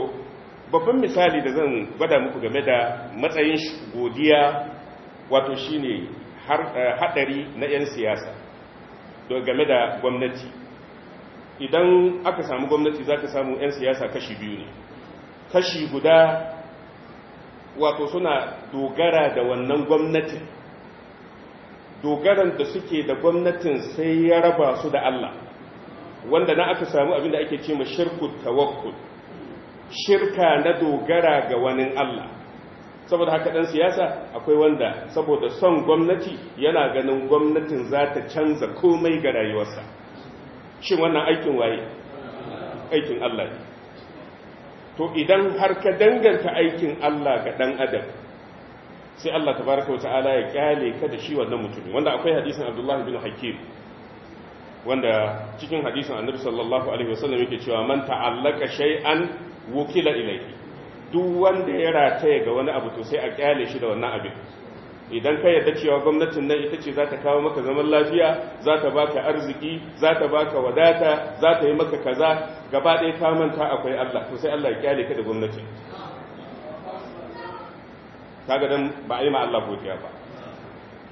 babban misali da zan gwada muku game da matsayin godiya wato shine hadari eh, na 'yan siyasa game da gwamnati idan aka samu gwamnati za ka samu 'yan siyasa kashi biyu ne kashi guda wato suna dogara da wannan gwamnatin dogaran da suke da gwamnatin sai ya raba su da Allah wanda na aka samu abinda ake ce ma shirku tawakkul shirka na dogara ga wani Allah saboda haka dan siyasa akwai wanda saboda son gwamnati yana ganin gwamnatin za ta canza komai ga rayuwarsa shin wannan aikin waye aikin Allah ne to idan har ka danganta aikin Allah ga dan adam sai Allah Ta baraka tabaraka ala ya kyale ka da shi wannan mutumin wanda akwai hadisin Abdullah bin Hakim wanda cikin hadisin Annabi sallallahu alaihi wasallam yake cewa man ta'allaka shay'an wukila ilaihi duk wanda ya rataya ga wani abu to sai a kyale shi da wannan abin idan ka yarda cewa gwamnatin nan ita ce za ta kawo maka zaman lafiya za ta baka arziki za ta baka wadata za ta yi maka kaza gaba ɗaya ka manta akwai Allah to sai Allah ya kyale ka da gwamnati kaga dan ba a yi ma Allah godiya ba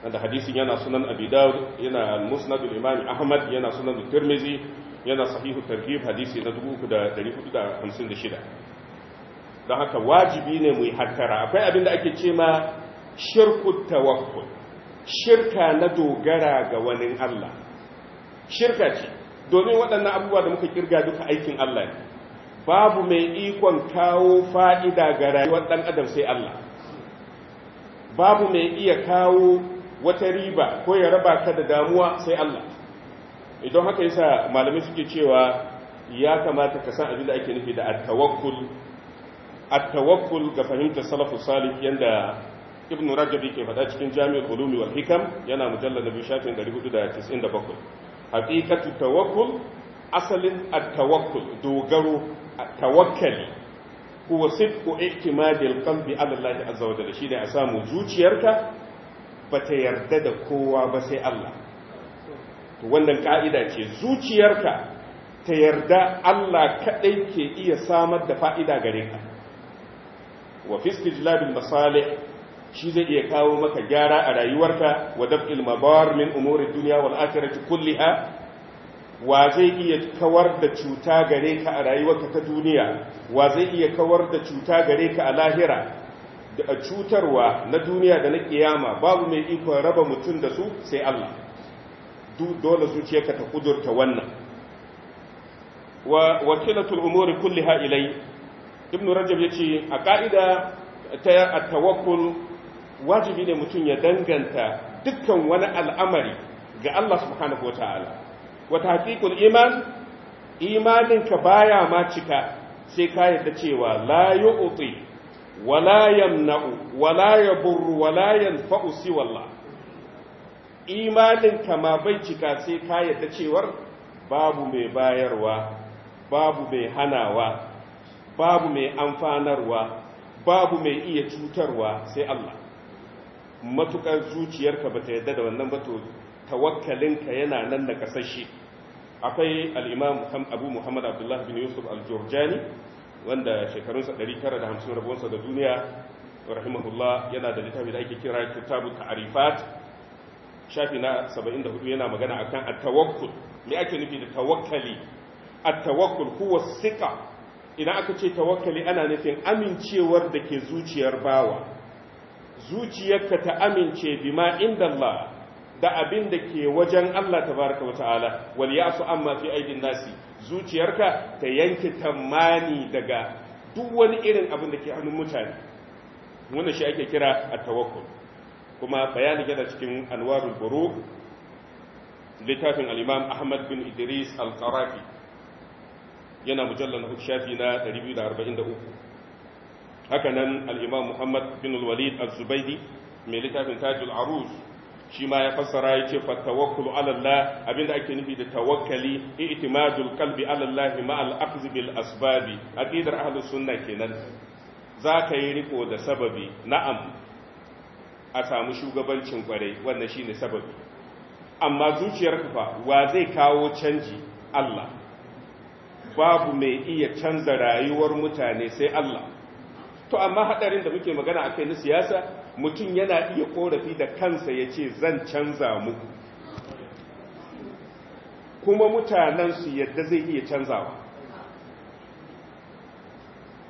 wanda hadisin yana sunan Abi Dawud yana Musnad al-Imam Ahmad yana sunan Tirmidhi yana sahihu tarjih hadisi na 3456 don haka wajibi ne mu yi hattara akwai abin da ake ce ma shirku tawakkul shirka na dogara ga wani Allah shirka ce domin waɗannan abubuwa da muka kirga duka aikin Allah ne babu mai ikon kawo fa'ida ga rayuwar ɗan adam sai Allah babu mai iya kawo wata riba ko ya raba ka da damuwa sai Allah idan eh, haka yasa malamai suke cewa ya kamata ka san abin da ake nufi da at-tawakkul at-tawakkul ga fahimtar salafus salih yanda ibnu rajab yake faɗa cikin jami'ul ulumi wal hikam yana mujallal nabi shafin 497 haqiqatu tawakkul asalin at-tawakkul dogaro tawakkali huwa sidqu i'timadil qalbi ala Allah azza wa jalla shine a samu zuciyarka bata yarda da kowa ba sai Allah to wannan ka'ida ce zuciyarka ta yarda Allah kaɗai ke iya samar da fa'ida gare ka wa fi jilabin masalih shi zai iya kawo maka gyara a rayuwarka wa daf'il mabar min umuri dunya wal kulli ha? wa zai iya kawar da cuta gare ka a rayuwarka ta duniya wa zai iya kawar da cuta gare ka a lahira da cutarwa na duniya da na kiyama babu mai ikon raba mutum da su sai Allah dole zuciyarka ta kudurta wannan wa wakilatul umuri kulliha ilai ibnu rajab yace a ka'ida ta at-tawakkul wajibi ne mutum ya danganta dukkan wani al'amari ga Allah subhanahu wataala wa tahqiqul iman imaninka baya ma cika sai ka yadda cewa la yu'ti wala yamna'u wala yaburru wala yanfa'u siwa Allah imanin kama bai cika sai ka yadda cewar babu mai bayarwa babu mai hanawa babu mai amfanarwa babu mai iya cutarwa sai Allah matukar zuciyarka ba ta yadda da wannan ba to tawakkalinka yana nan da kasashe akwai al Abu Muhammad Abdullahi bin Yusuf al-Jurjani wanda shekarunsa 950 rabonsa da duniya rahimahullah yana da littafi da ake kira kitabu Ta'rifat shafi na 74 yana magana akan at-tawakkul me ake nufi da tawakkali at-tawakkul huwa sika idan aka ce tawakkali ana nufin amincewar da ke zuciyar bawa zuciyarka ta amince bima inda Allah da abin da ke wajen Allah tabaraka wa ta'ala wal ya'su amma fi aidin nasi zuciyarka ta yanke tamani daga duk wani irin abin da ke hannun mutane wannan shi ake kira at-tawakkul kuma bayani yana cikin anwarul buru littafin al-imam ahmad bin idris al-qarafi yana mujallal na shafi na 243 haka nan al-imam muhammad bin al-walid al-zubaidi mai littafin tajul arus shi ma ya fassara ya ce fattawakkulu ala Allah abinda ake nufi da tawakkali i'timadul qalbi ala Allah ma al bil asbabi aqidar ahlus sunna kenan zaka yi riko da sababi na'am a samu shugabancin kwarai wannan shine sababi amma zuciyarka fa wa zai kawo canji Allah babu mai iya canza rayuwar mutane sai Allah to amma hadarin da muke magana akai na siyasa mutum yana iya korafi da kansa ya ce zan canza muku kuma mutanen su yadda zai iya canzawa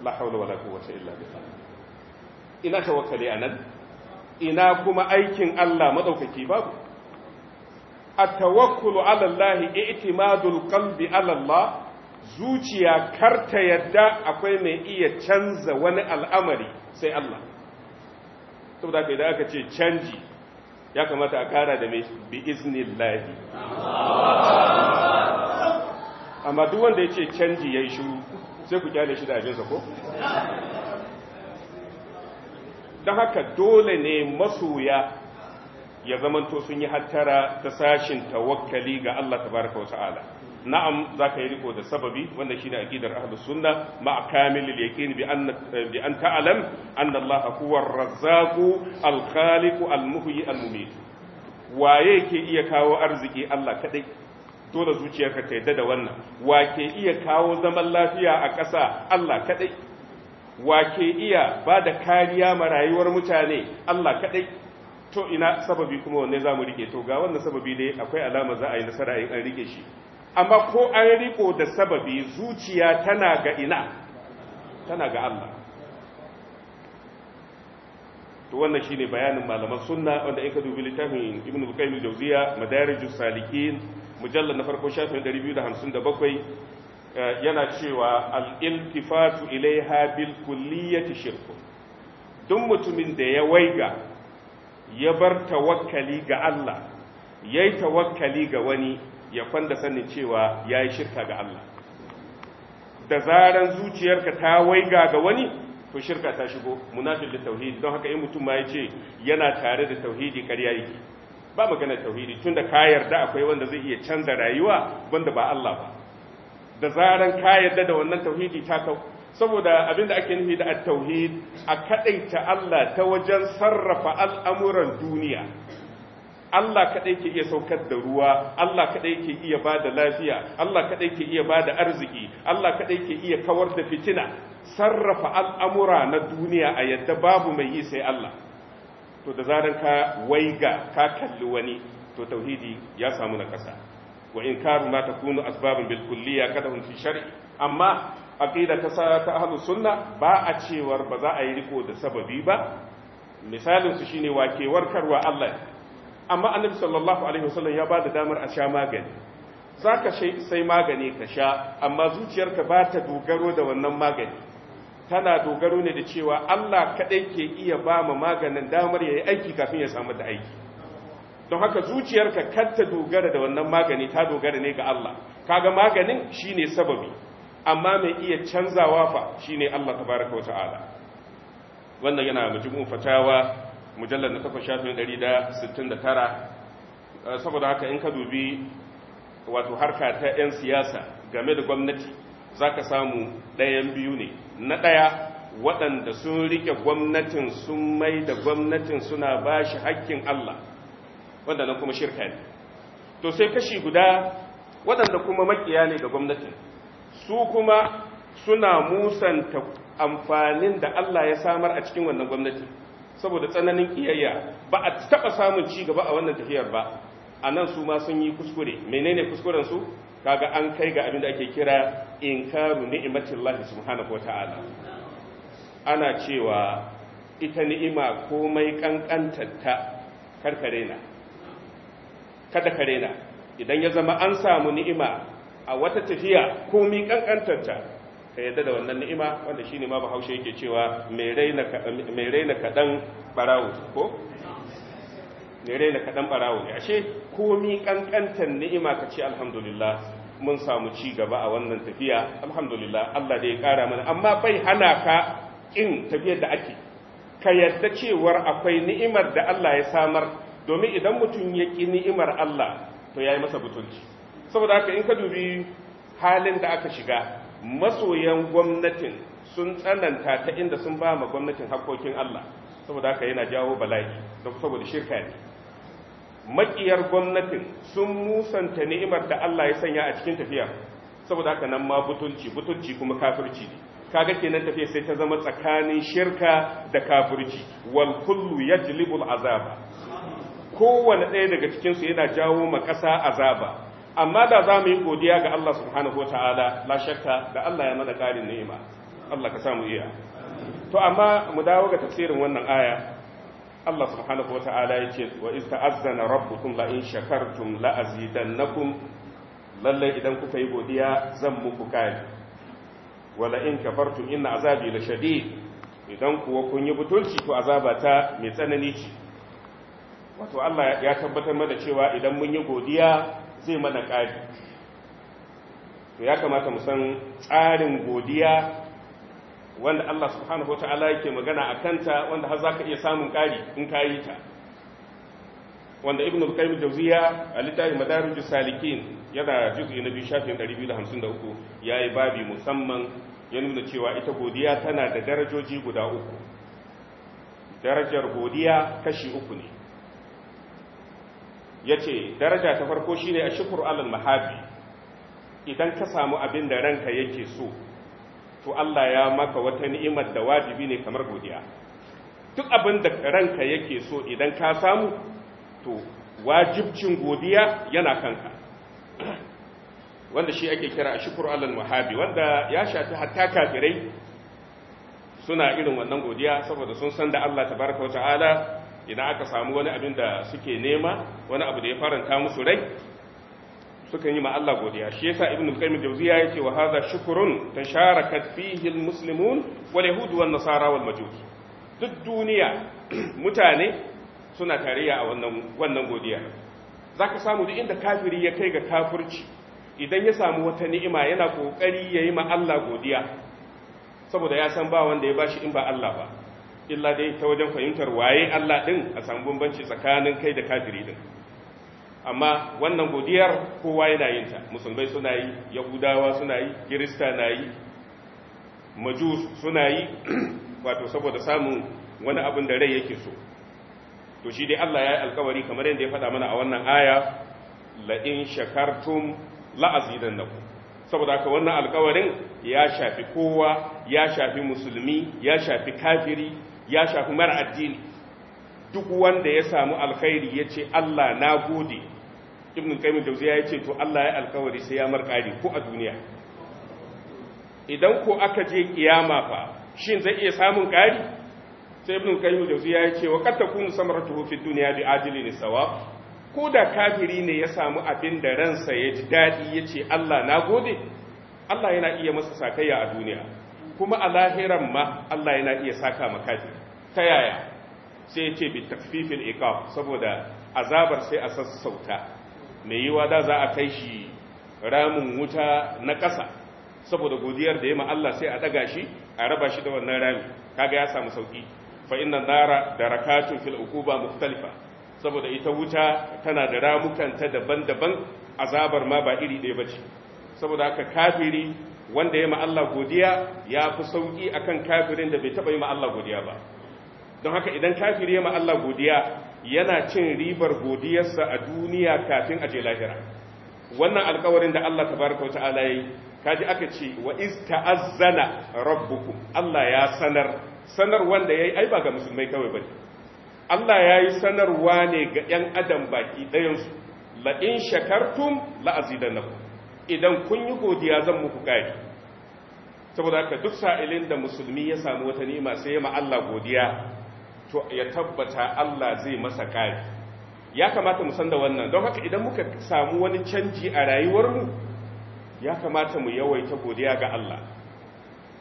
la haula wala quwwata illa billah ina tawakkali anan ina kuma aikin Allah maɗaukaki babu A tawakkulu alallahi i'timadul qalbi alallah zuciya karta yadda akwai mai iya canza wani al'amari sai Allah saboda kai da aka ce canji ya kamata a kara da mai bi iznillahi amma duk wanda ya ce canji ya yi shiru sai ku kyale shi da abinsa ko don haka dole ne masoya ya zamanto sun yi hattara ta sashin tawakkali ga Allah wasu ala na'am zaka yi riko da sababi wanda shine aqidar ahlus sunna ma kamilil yaqin bi anna bi an ta'lam anna Allah huwa ar-razzaqu al-khaliqu al-muhyi al-mumit waye ke iya kawo arziki Allah kadai dole zuciyarka ta yadda da wannan wa ke iya kawo zaman lafiya a ƙasa Allah kadai Wa ke iya ba da kariya ma rayuwar mutane Allah kaɗai to ina sababi kuma wanne za mu rike to ga wannan sababi ne akwai alama za a yi nasara in an rike shi amma ko an riko da sababi zuciya tana ga ina tana ga Allah to wannan shine bayanin malaman sunna wanda aka dubi littafin Ibn Qayyim jawziya Madarijus Salikin mujallal na farko shafin 257 Eh, yana cewa al-iltifatu ilaiha bil kulliyati shirku duk mutumin da ya waiga ya bar tawakkali ga Allah yayi tawakkali ga wani ya kwanda sanin cewa yayi shirka ga Allah da zaran zuciyarka ta waiga ga wani to shirka ta shigo munafil da tauhidi don haka in mutum ma ya ce yana tare da tauhidi karya yake ba magana tauhidi tunda ka yarda akwai wanda zai iya canza rayuwa wanda ba Allah ba da zaran ka yarda da wannan tauhidi ta kau saboda abinda ake nufi da at-tauhid a kadaita Allah ta wajen sarrafa al'amuran duniya Allah kaɗai ke iya saukar da ruwa, Allah kaɗai ke iya ba da lafiya, Allah kaɗai ke iya ba da arziki, Allah kaɗai ke iya kawar da fitina, sarrafa al'amura na duniya a yadda babu mai yi sai Allah. To da zarar ka waiga ka kalli wani, to tauhidi ya samu na wa inkaru ma takunu asbabun bil kulliya kada hun fi shar'i amma aqida ta ta hannu sunna ba a cewar ba za a yi riko da sababi ba misalin su shine wakewar karwa Allah amma annabi sallallahu alaihi wasallam ya bada damar a sha magani zaka sai magani ka sha amma zuciyarka ba ta dogaro da wannan magani tana dogaro ne da cewa Allah kadai ke iya ba ma maganin damar ya yi aiki kafin ya samu da aiki don haka zuciyarka kar ta dogara da wannan magani ta dogara ne ga Allah kaga maganin shine sababi amma mai iya canzawa fa shine Allah tabaraka wa ta'ala wannan yana majmu'un fatawa mujallal na kafa shafin 169 eh, saboda haka in ka dubi wato harka ta 'yan siyasa game da gwamnati zaka samu ɗayan biyu ne na ɗaya waɗanda sun rike gwamnatin sun mai da gwamnatin suna bashi haƙƙin Allah wanda nan kuma shirka ne to sai kashi guda waɗanda kuma makiya ne ga gwamnatin su kuma suna musanta amfanin da Allah ya samar a cikin wannan gwamnati saboda tsananin kiyayya ba a taɓa samun ci gaba a wannan tafiyar ba a nan su ma sun yi kuskure menene kuskuren su kaga an kai ga abin da ake kira inkaru ni'imatillahi subhanahu wata'ala ana cewa ita ni'ima komai ta karkare na kada ka rena idan ya zama an samu ni'ima a wata tafiya mi kankantarta ka yadda da wannan ni'ima wanda shine ma bahaushe yake cewa mai raina kaɗan barawo ko? mai raina kaɗan ɓarawo ne ashe mi kankantar ni'ima ka ce alhamdulillah mun samu ci gaba a wannan tafiya alhamdulillah Allah da ya kara mana amma bai hana ka ƙin tafiyar da ake ka yadda cewar akwai ni'imar da Allah ya samar domin idan mutum ya ƙi ni'imar Allah to ya yi masa butulci saboda haka in ka dubi halin da aka shiga masoyan gwamnatin sun tsananta ta inda sun ba ma gwamnatin haƙoƙin Allah saboda haka yana jawo bala'i saboda shirka ne maƙiyar gwamnatin sun musanta ni'imar da Allah ya sanya a cikin tafiya saboda haka nan ma butulci butulci kuma kafirci ne kaga kenan tafiya sai ta zama tsakanin shirka da kafirci wal kullu yajlibu azaba kowane ɗaya daga cikinsu yana jawo ma ƙasa azaba amma da za mu yi godiya ga Allah subhanahu wataala la shakka da Allah ya mana ƙarin ni'ima Allah ka samu iya to amma mu dawo ga tafsirin wannan aya Allah subhanahu wataala ya ce wa iz ta'azzana rabbukum la in shakartum la azidannakum lalle idan kuka yi godiya zan muku kai wala in kafartum inna azabi la shadid idan kuwa kun yi butulci to ta mai tsanani ce wato Allah ya tabbatar mana cewa idan mun yi godiya zai mana ƙari to ya kamata mu san tsarin godiya wanda Allah subhanahu wata'ala yake magana a kanta wanda har za ka iya samun ƙari in ka yi ta wanda ibn al-qayyim jawziya a littafin madarijus salikin yana juz'i na biyu shafin 253 yayi babi musamman ya nuna cewa ita godiya tana da darajoji guda uku darajar godiya kashi uku ne Ya ce daraja ta farko shi shine shukuru alal mahabi idan ka samu abin da ranka yake so to Allah ya maka wata ni'imar da wajibi ne kamar godiya duk abin da ranka yake so idan ka samu to wajibcin godiya yana kanka wanda shi ake kira a shukuru alal muhabi wanda ya shafi hatta kafirai suna irin wannan godiya saboda sun san da Allah tabaraka wa ta'ala idan aka samu wani abin da suke nema wani abu da ya faranta musu rai sukan yi ma Allah godiya shi yasa ibnu qayyim jawziya yake wa hadha shukrun tasharakat fihi almuslimun wal yahud wal nasara wal majus duk duniya mutane suna tarayya a wannan wannan godiya zaka samu duk inda kafiri ya kai ga kafirci idan ya samu wata ni'ima yana kokari yayi ma Allah godiya saboda ya san ba wanda ya bashi in ba Allah ba illa dai ta wajen fahimtar waye Allah din a samu bambanci tsakanin kai da kafiri din amma wannan godiyar kowa yana yin ta musulmai suna yi yahudawa suna yi kirista na yi majus suna yi wato saboda samun wani abin da rai yake so to shi dai Allah ya yi alkawari kamar yadda ya faɗa mana a wannan aya in shakartum la na saboda haka wannan alkawarin ya shafi kowa ya shafi musulmi ya shafi kafiri ya shafi mara addini duk wanda ya samu alkhairi ya ce Allah na gode ibn qayyim jawziya ya ce to Allah ya alkawari sai ya markari ko a duniya idan ko aka je kiyama fa shin zai iya samun kari sai ibn qayyim jawziya ya ce wa qad takunu samaratuhu fi duniya bi ni sawab ko da kafiri ne ya samu abin da ransa ya ji dadi ya ce Allah na gode Allah yana iya masa sakayya a duniya kuma a lahiran ma Allah yana iya saka makafi ta yaya sai ya ce bi takfifil iqab saboda azabar sai a sassauta mai yiwa da za a kai shi ramin wuta na ƙasa saboda godiyar da ya ma Allah sai a daga shi a raba shi da wannan rami kaga ya samu sauki fa inna nara darakatun fil uquba mukhtalifa saboda ita wuta tana da ramukanta daban-daban azabar ma ba iri ɗaya bace saboda haka kafiri wanda ya ma Allah godiya ya fi sauki kan kafirin da bai taɓa yi ma Allah godiya ba don haka idan kafiri ya ma Allah godiya yana cin ribar godiyarsa a duniya kafin a je lahira wannan alkawarin da Allah tabaraka wa ta'ala yi kaji aka ce wa iz ta'azzana rabbukum Allah ya sanar sanar wanda yayi ai ba ga musulmai kawai bane Allah ya yi sanarwa ne ga 'yan adam baki ɗayansu la shakartun shakartum la azidannakum idan kun yi godiya zan muku ƙari saboda haka duk sa'ilin da musulmi ya samu wata ni'ima sai ya Allah godiya to ya tabbata Allah zai masa ƙari ya kamata mu san da wannan don haka idan muka samu wani canji a rayuwar mu ya kamata mu yawaita godiya ga Allah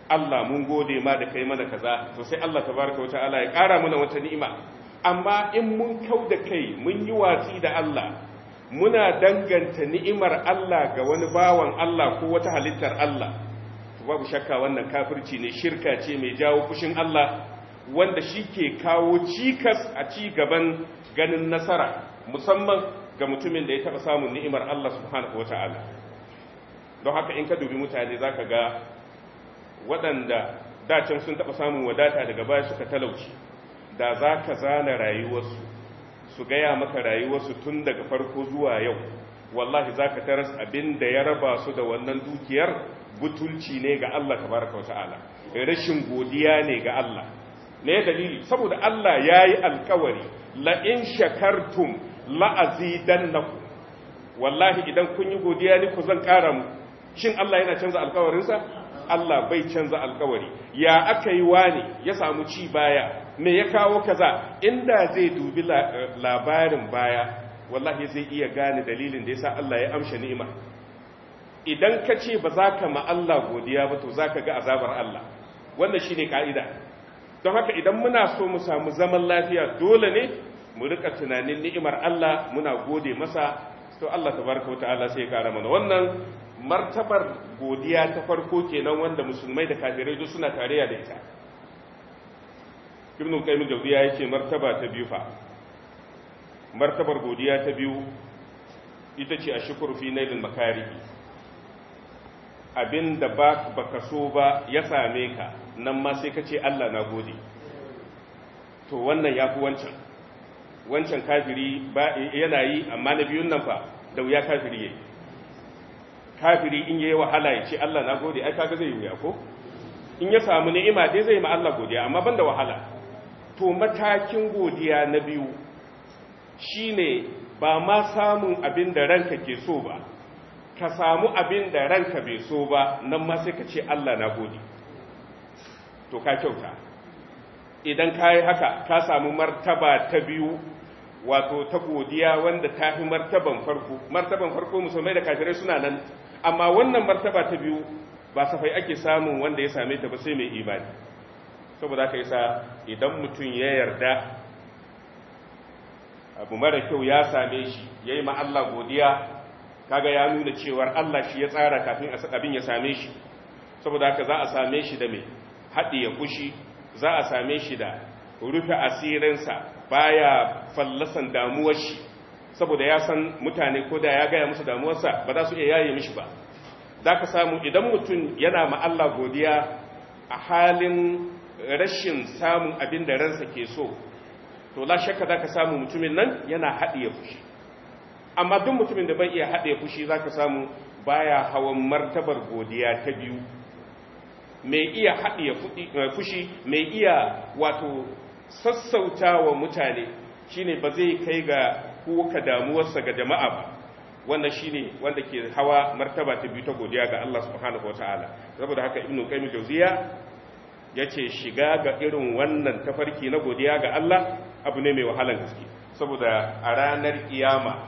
Allah mun gode ma da kai mana kaza to sai Allah tabaraka wata ala ya kara mana wata ni'ima amma in mun kau da kai mun yi watsi da Allah muna danganta ni'imar Allah ga wani bawan Allah ko wata halittar Allah babu shakka wannan kafirci ne shirka ce mai jawo fushin Allah wanda shi ke kawo cikas a ci gaban ganin nasara musamman ga mutumin da ya taba samun ni'imar Allah subhanahu wata'ala don haka in ka dubi mutane zaka ga waɗanda dacin sun taɓa samun wadata daga baya suka talauci da zaka ka zana rayuwarsu su gaya maka rayuwarsu tun daga farko zuwa yau wallahi za ka taras abin da ya raba su da wannan dukiyar butulci ne ga Allah tabaraka wata'ala rashin godiya ne ga Allah ne dalili saboda Allah ya yi alkawari la'in shakartum ku. wallahi idan kun yi godiya ni ku zan ƙara mu shin Allah yana canza alkawarinsa Allah bai canza alkawari ya aka yi ne ya samu ci baya me ya kawo kaza inda zai dubi eh, labarin baya wallahi zai iya gane dalilin da yasa Allah ya amsha ni'ima idan ka ce ba za ka ma Allah godiya ba to za ka ga azabar Allah wannan shine ka'ida don haka idan muna so mu samu zaman lafiya dole ne mu rika tunanin ni'imar Allah muna gode masa to Allah tabaraka ta'ala sai ya kara mana wannan martabar godiya ta farko kenan wanda musulmai da kafirai duk suna tarayya da ita ibn al-qayyim jawziya yace martaba ta biyu fa martabar godiya ta biyu ita ce a shukuru fi nailin makarihi abinda ba baka so ba ya same ka nan ma sai ka ce Allah na gode to wannan yafi wancan wancan kafiri ba yana yi amma na biyun nan fa da wuya kafiri yayi kafiri in yayi wahala ya ce Allah na gode ai kaga zai yi wuya ko in ya samu ni'ima dai zai yi ma Allah godiya amma banda wahala to matakin godiya na biyu shine ba ma samun abin da ranka ke so ba ka samu abin da ranka bai so ba nan ma sai ka ce Allah na gode to ka kyauta idan ka yi haka ka samu martaba ta biyu wato ta godiya wanda ta fi martaban farko martaban farko musulmai da kafirai suna nan amma wannan martaba ta biyu ba safai ake samun wanda ya same ta ba sai mai imani saboda haka sa idan mutum ya yarda abu mara kyau ya same shi yayi ma Allah godiya kaga ya nuna cewar Allah shi ya tsara kafin abin ya same shi saboda haka za a same shi da mai haɗi ya kushi za a same shi da rufe asirinsa baya fallasan damuwar shi saboda ya san mutane ko da ya gaya musu damuwarsa ba za su iya yaye mishi ba za ka samu idan mutum yana ma Allah godiya a halin rashin samun abin da ransa ke so to la shakka za ka samu mutumin nan yana haɗiye fushi amma duk mutumin da bai iya haɗe fushi za ka samu baya hawan martabar godiya ta biyu mai iya haɗiye eh, fushi mai iya wato sassauta wa mutane shine ba zai kai ga kuka damuwarsa ga jama'a ba wannan shine wanda ke hawa martaba ta biyu ta godiya ga Allah subhanahu wataala saboda haka ibnu qayyim jawziya ya ce shiga ga irin wannan tafarki na godiya ga Allah abu ne mai wahalar gaske saboda a ranar iyama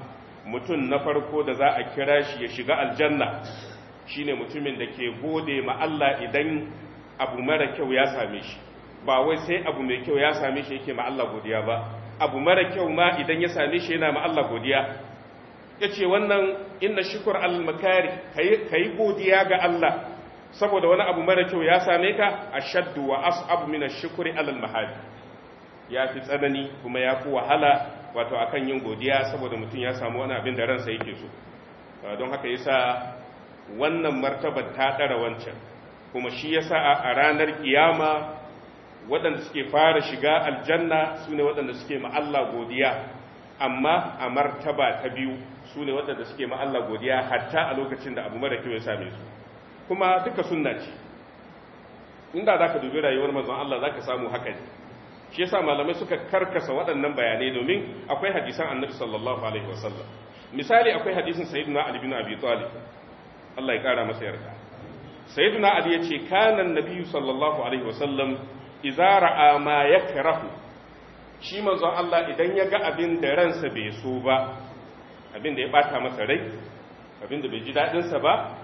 mutum na farko da za a kira shi ya shiga aljanna shine mutumin da ke gode ma Allah idan abu mara kyau ya same shi ba wai sai abu mai kyau ya same shi yake ma Allah godiya ba abu mara kyau ma idan ya same shi yana ma Allah godiya yace wannan inna shukr al makari kai godiya ga Allah saboda wani abu mara kyau ya same ka shaddu wa asu abu mina shukuri alal ya fi tsanani kuma ya fi wahala wato a kan yin godiya saboda mutum ya samu wani abin da ransa yake so ah, don haka ya sa wannan martabar ta ɗara wancan kuma shi ya sa a ranar kiyama waɗanda suke fara shiga aljanna su ne waɗanda suke ma'alla godiya amma a martaba ta biyu su ne waɗanda suke ma'alla godiya hatta a lokacin da abu mara kyau ya same su kuma duka sunna ce inda za ka dubi rayuwar mazan Allah za ka samu haka ne shi yasa malamai suka karkasa waɗannan bayanai domin akwai hadisan annabi sallallahu alaihi wasallam misali akwai hadisin sayyidina ali bin abi talib Allah ya kara masa yarda sayyidina ali yace kana annabi sallallahu alaihi wasallam idza ra'a ma yakrahu shi manzon Allah idan ya ga abin da ransa bai so ba abin da ya bata masa rai abin da bai ji daɗinsa ba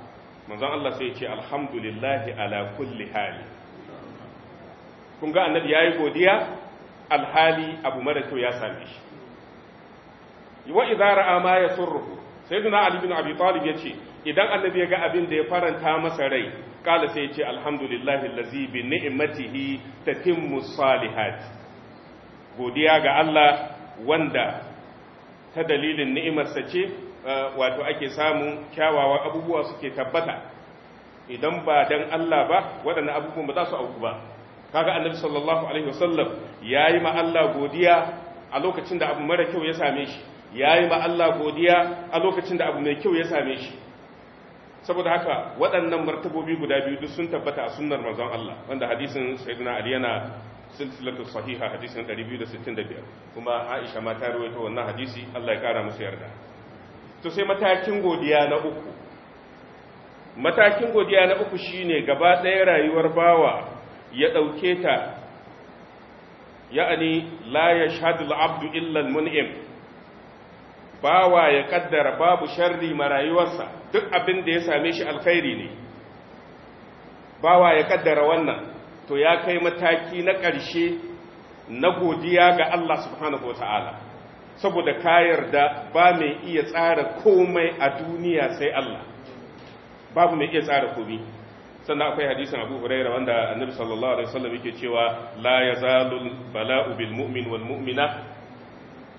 manzon Allah sai ce alhamdulillahi ala kulli hali kun ga annabi yayi godiya alhali abu mara kyau ya same shi wa idza ra'a ma yasurruhu sayyidina ali bin abi talib yace idan annabi ya ga abin da ya faranta masa rai kala sai yace ce alhamdulillahi allazi bi ni'matihi tatimmu salihat godiya ga Allah wanda ta dalilin ni'imarsa ce Eh, wato ake samun kyawawan abubuwa suke tabbata idan ba dan Allah ba waɗannan abubuwan ba za su auku ba kaga annabi sallallahu alaihi wasallam yayi ma Allah godiya a lokacin da abu mara kyau ya same shi yayi ma Allah godiya a lokacin da abu mai kyau ya same shi saboda haka waɗannan martabobi guda biyu duk sun tabbata a sunnar manzon Allah wanda hadisin sayyidina Ali yana silsilatu sahiha hadisin 265 kuma Aisha ma ta rawaito wannan hadisi Allah ya kara musu yarda to sai matakin godiya na uku matakin godiya na uku shine gaba ɗaya rayuwar bawa ya ɗauke ta ya'ani la yashhadul abdu illa mun'im bawa ya kaddara babu sharri ma rayuwarsa duk abin da ya same shi alkhairi ne bawa ya kaddara wannan to ya kai mataki na ƙarshe na godiya ga Allah subhanahu wataala saboda kayar da ba mai iya tsara komai a duniya sai Allah babu mai iya tsara komai sannan akwai hadisin Abu huraira wanda Annabi sallallahu alaihi wasallam yake cewa la yazalu bala'u bil mu'min wal mu'mina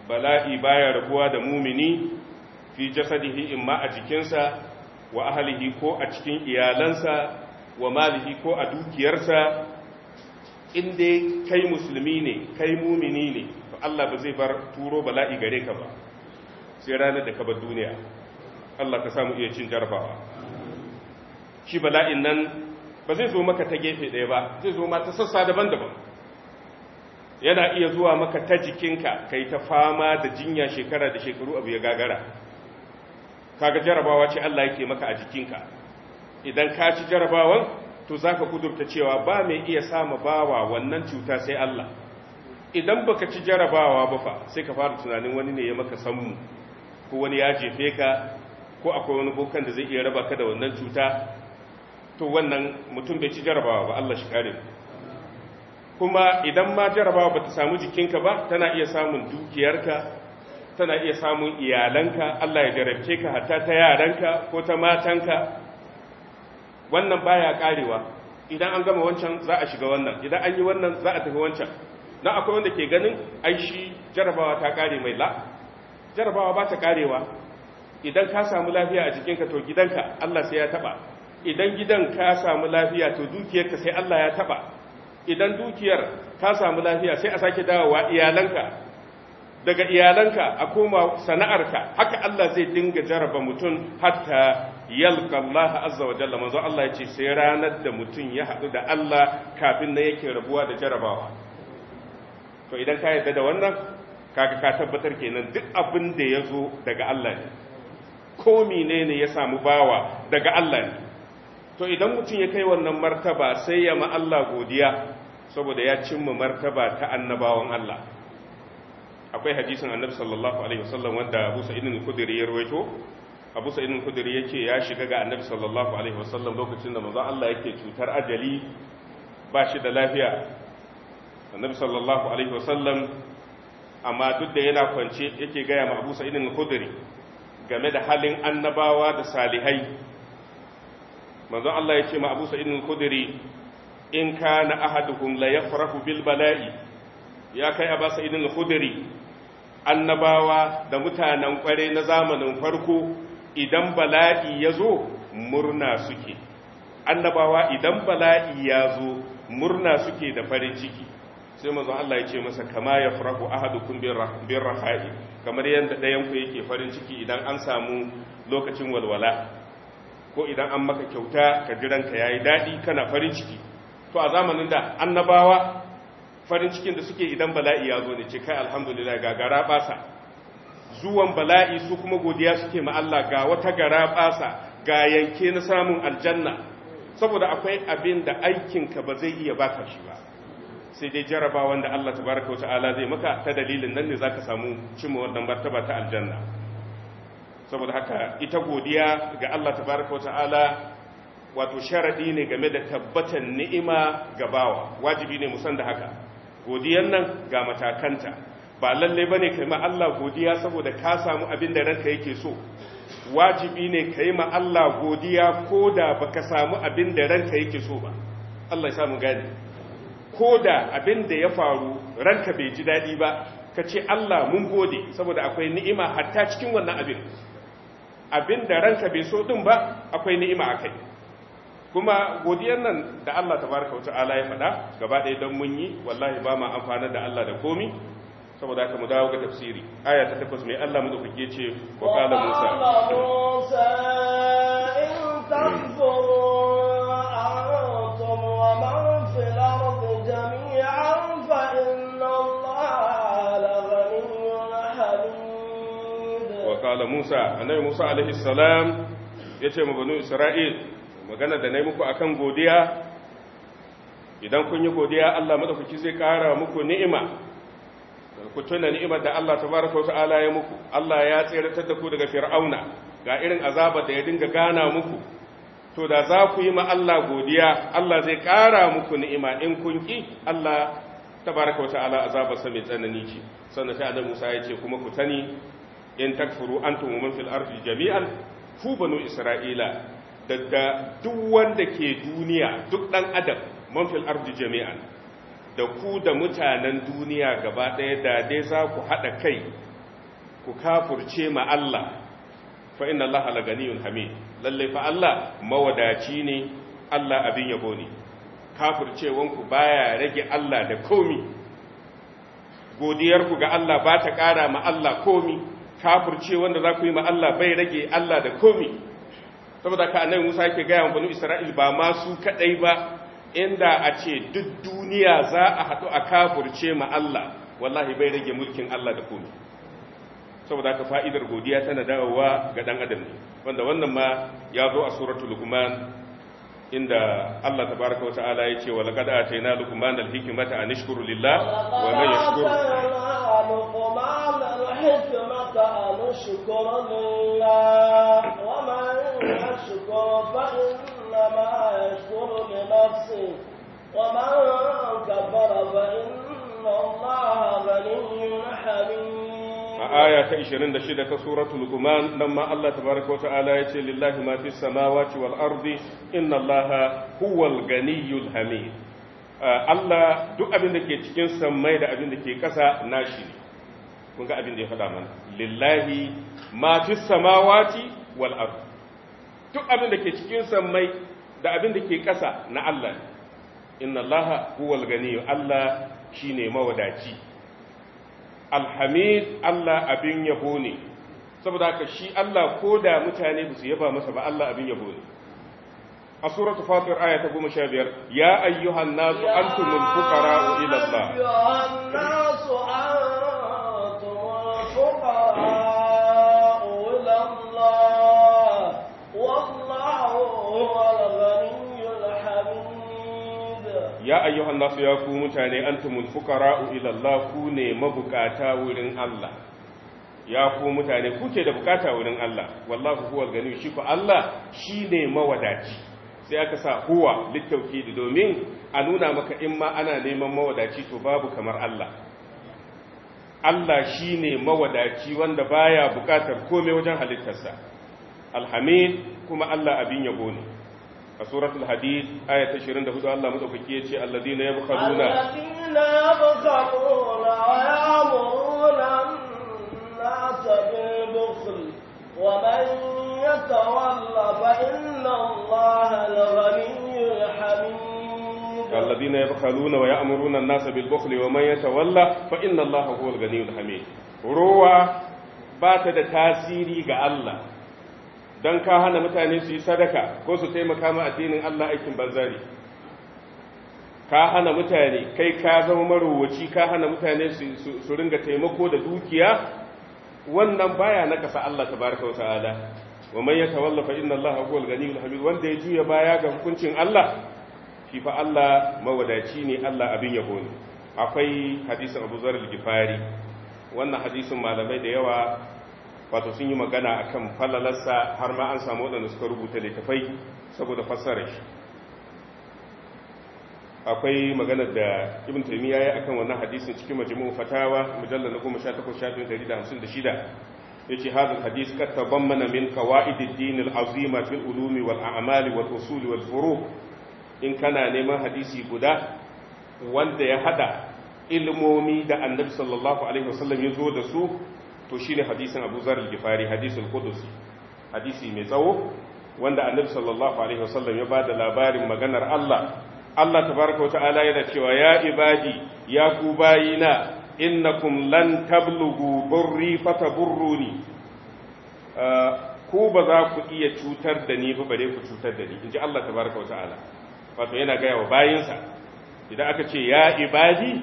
bala'i baya rabuwa da mu'mini fi jasadihi imma a jikinsa wa ahlihi ko a cikin iyalansa wa malihi ko a dukiyarsa in dai kai musulmi ne kai mu'mini ne Allah ba zai bar turo bala'i gare ka ba sai ranar da ka bar duniya Allah ka samu iya cin jarabawa shi bala'in nan ba zai zo maka ta gefe ɗaya ba zai zo ma ta sassa daban-daban yana iya zuwa maka ta jikinka kai ta fama da jinya shekara da shekaru abu ya gagara kaga jarabawa ce Allah yake maka a jikinka idan ka ci jarabawan to zaka kudurta cewa ba mai iya sama bawa wannan cuta sai Allah idan baka ci jarabawa ba fa sai ka fara tunanin wani ne ya maka sammu ko wani ya jefe ka ko akwai wani bokan da zai iya raba ka da wannan cuta to wannan mutum bai ci jarabawa ba Allah shi kare kuma idan ma jarabawa bata samu jikinka ba tana iya samun dukiyarka tana iya samun iyalanka Allah ya jarabce ka hatta ta yaranka ko ta matanka wannan baya karewa idan an gama wancan za a shiga wannan idan an yi wannan za a tafi wancan don akwai wanda ke ganin ai shi jarabawa ta kare mai la jarabawa ba ta karewa idan ka samu lafiya a jikinka to gidanka Allah sai ya taba idan gidan ka samu lafiya to dukiyarka sai Allah ya taba idan dukiyar ka samu lafiya sai a sake dawowa iyalanka daga iyalanka a koma sana'arka haka Allah zai dinga jaraba mutum hatta yalka Allah azza wa jalla manzo Allah ya ce sai ranar da mutum ya haɗu da Allah kafin na yake rabuwa da jarabawa to idan ka yarda da wannan kaka ka tabbatar kenan duk abin da ya zo daga Allah ne ko ne ya samu bawa daga Allah ne to idan mutum ya kai wannan martaba sai ya ma Allah godiya saboda ya cimma martaba ta annabawan Allah akwai hadisin annabi sallallahu alaihi wasallam wanda Abu Sa'id al-Khudri ya rawaito abu sa'id al-khudri yake ya shiga ga annabi sallallahu alaihi wasallam lokacin da manzo Allah yake cutar ajali ba shi da lafiya annabi sallallahu alaihi wasallam amma duk da yana kwance yake gaya ma abu sa'id al-khudri game da halin annabawa da salihai manzo Allah ya ce ma abu sa'id al-khudri in kana ahaduhum la yafrahu bil bala'i ya kai abu sa'id al-khudri annabawa da mutanen kware na zamanin farko idan bala'i yazo zo murna suke annabawa idan bala'i yazo murna suke da farin ciki sai mazan Allah ya ce masa kama ya farahu ahadukun bin raha'i kamar yadda ɗayanku yake farin ciki idan an samu lokacin walwala ko idan an maka kyauta ka jiranka ya yi daɗi kana farin ciki to a zamanin da annabawa farin cikin da suke idan bala'i ya zo ne ce kai alhamdulillah ga gara basa zuwan bala'i su kuma godiya suke ma Allah ga wata gara basa ga yanke na samun aljanna saboda akwai abin da aikinka ba zai iya baka shi ba sai dai jaraba wanda Allah tabaraka wa ta'ala zai maka ta dalilin nan ne zaka samu cimma wannan martaba ta aljanna saboda haka ita godiya ga Allah tabaraka wa ta'ala wato sharadi ne game da tabbatar ni'ima ga bawa wajibi ne musan da haka godiyan nan ga matakanta ba lalle bane kai ma Allah godiya saboda ka samu abin da ranka yake so wajibi ne kai ma Allah godiya koda baka samu abin da ranka yake so ba Allah ya samu gani ko da abin da ya faru ranka bai ji daɗi ba ka ce Allah mun gode saboda akwai ni'ima hatta cikin wannan abin abin da ranka bai so ɗin ba akwai ni'ima a kai kuma godiyar nan da Allah ta baraka wata ala ya faɗa gaba ɗaya don mun yi wallahi ba ma amfanar da Allah da komi saboda haka mu dawo ga tafsiri aya ta takwas mai Allah mu dauke ce wa qala Musa qala Musa annabi Musa عليه salam yace mu banu Isra'il magana da nayi muku akan godiya idan kun yi godiya Allah madaukaki zai kara muku ni'ima ku tuna ni'imar da Allah tabaraka ta'ala ya muku Allah ya tsere da ku daga fir'auna ga irin azaba da ya dinga gana muku to da za ku yi ma Allah godiya Allah zai kara muku ni'ima in kun ki Allah tabaraka wa ta'ala sa mai tsanani ce sannan sai annabi Musa ya ce kuma ku tani. in takfuru antum wa man fil ardi jami'an ku banu isra'ila daga duk wanda ke duniya duk dan adam man fil ardi jami'an da ku da mutanen duniya gaba daya da dai za ku hada kai ku kafurce ma Allah fa inna Allah la ganiyun hamid lalle fa Allah mawadaci ne Allah abin yabo ne kafurcewanku baya rage Allah da komi godiyarku ga Allah ba ta kara ma Allah komi kafirce wanda za ku yi ma Allah bai rage Allah da komi saboda ka annabi Musa yake gaya wa banu Isra'il ba ma su kadai ba inda a ce duk duniya za a haɗu a kafirce ma Allah wallahi bai rage mulkin Allah da komi saboda ka fa'idar godiya tana dawowa ga dan adam ne wanda wannan ma ya zo a suratul Luqman inda Allah tabaraka wa ta'ala ya ce wa laqad atayna luqman al-hikmata an ishkuru lillah wa man yashkur luqman al-hikmata an ishkuru lillah wa man yashkur fa yashkuru li nafsihi wa man fa inna Allah ghaniyyun hamid a aya ta 26 ta suratul Luqman nan ma Allah tabaraka wa ta'ala yace lillahi ma fis samawati wal ardi inna Allaha huwal ganiyyul hamid Allah duk abin da ke cikin sammai da abin da ke ƙasa nashi ne kun ga abin da ya faɗa mana lillahi ma fis samawati wal ardi duk abin da ke cikin sammai da abin da ke ƙasa na Allah ne inna Allaha huwal ganiyyu Allah shine mawadaci alhamid Allah abin yabo ne saboda haka shi Allah ko da mutane ba su yaba masa ba Allah abin yabo ne a suratu fatir aya ta goma sha biyar ya ayyuhan nasu antumul fuqara ila Allah ya ayyuhan nasu ya ku mutane antumul fuqara'u ila Allah ku ne mabukata wurin Allah ya ku mutane kuke da bukata wurin Allah wallahu huwal gani shi ko Allah shine mawadaci sai aka sa huwa domin a nuna maka in ma ana neman mawadaci to babu kamar Allah Allah shine mawadaci wanda baya bukatar komai wajen halittarsa alhamid kuma Allah abin yabo ne a suratul hadid ayat 24 Allah madaukaki yace alladina yabkhaluna alladina yabkhaluna wa ya'muruna an wa yabkhaluna wa ya'muruna an-nasa bil wa man yatawalla fa inna Allaha huwal ghaniyyul hamid ruwa ba ta da tasiri ga Allah don ka hana mutane su yi sadaka ko su taimaka ma addinin Allah aikin banzari ka hana mutane kai ka zama marowaci ka hana mutane su ringa taimako da dukiya wannan baya na kasa Allah tabaraka wa ta'ala wa man yatawalla fa inna Allah huwal ganiyul hamid wanda ya juya baya ga hukuncin Allah shi fa Allah mawadaci ne Allah abin yabo ne akwai hadisin Abu Zar al wannan hadisin malamai da yawa wato sun yi magana akan falalarsa har ma an samu waɗanda suka rubuta littafai saboda fassarar shi akwai maganar da ibn taymiya ya akan wannan hadisin cikin majmu'u fatawa mujallal 18 shafin 156 yace hadal hadis kad tabammana min qawaid ad-din azima fil ulumi wal a'mali wal usuli wal furu' in kana neman hadisi guda wanda ya hada ilmomi da annabi sallallahu alaihi wasallam ya zo da su to shine hadisin Abu Zar al-Ghifari hadisul Qudusi hadisi mai tsawo wanda Annabi sallallahu alaihi wasallam ya bada labarin maganar Allah Allah tabaraka wa ta'ala yana cewa ya ibadi ya ku bayina innakum lan tablughu burri fataburruni ah, ku ba za ku iya cutar da ni ba bare ku cutar da ni inji Allah tabaraka wa ta'ala wato yana gaya wa bayinsa idan aka ce ya ibadi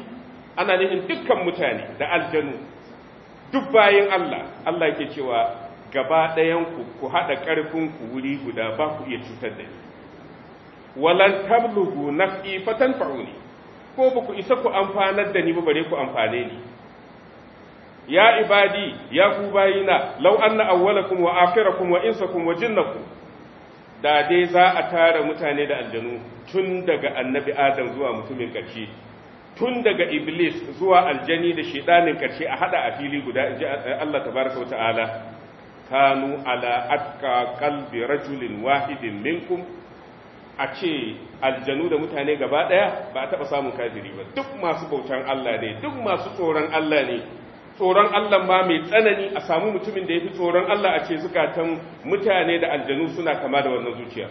ana nufin dukkan mutane da aljanu duk bayan Allah Allah yake cewa gaba ɗayanku ku haɗa ku wuri guda ba ku iya cutar da ni walan tablugu naf'i fatan tanfa'uni ko ba ku isa ku amfanar da ni ba bare ku amfane ni ya ibadi ya ku bayina law anna awwalakum wa akhirakum wa insakum wa jinnakum da dai za a tara mutane da aljanu tun daga annabi adam zuwa mutumin ƙarshe tun daga iblis zuwa aljani da shedanin karshe a hada a fili guda inji Allah tabaraka wa ta'ala kanu ala atka qalbi rajulin wahidin minkum a ce aljanu da mutane gaba daya ba a taba samun kafiri ba duk masu bautan Allah ne duk masu tsoron Allah ne tsoron Allah ma mai tsanani a samu mutumin da ya fi tsoron Allah a ce zukatan mutane da aljanu suna kama da wannan zuciya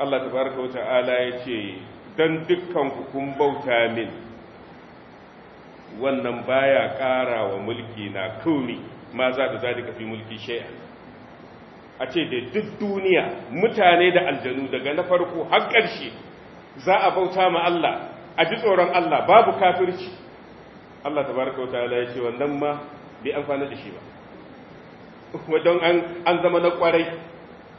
Allah tabaraka wa ta'ala ya ce don dukkan kun bauta min wannan baya ƙara wa mulki na kauri ma za da ka fi mulki shay'a a ce da duk duniya mutane da aljanu daga na farko har ƙarshe za a bauta ma Allah a ji tsoron Allah babu kafirci Allah tabaraka wa ta'ala ya ce wannan ma bai amfani da shi ba wadon an zama na kwarai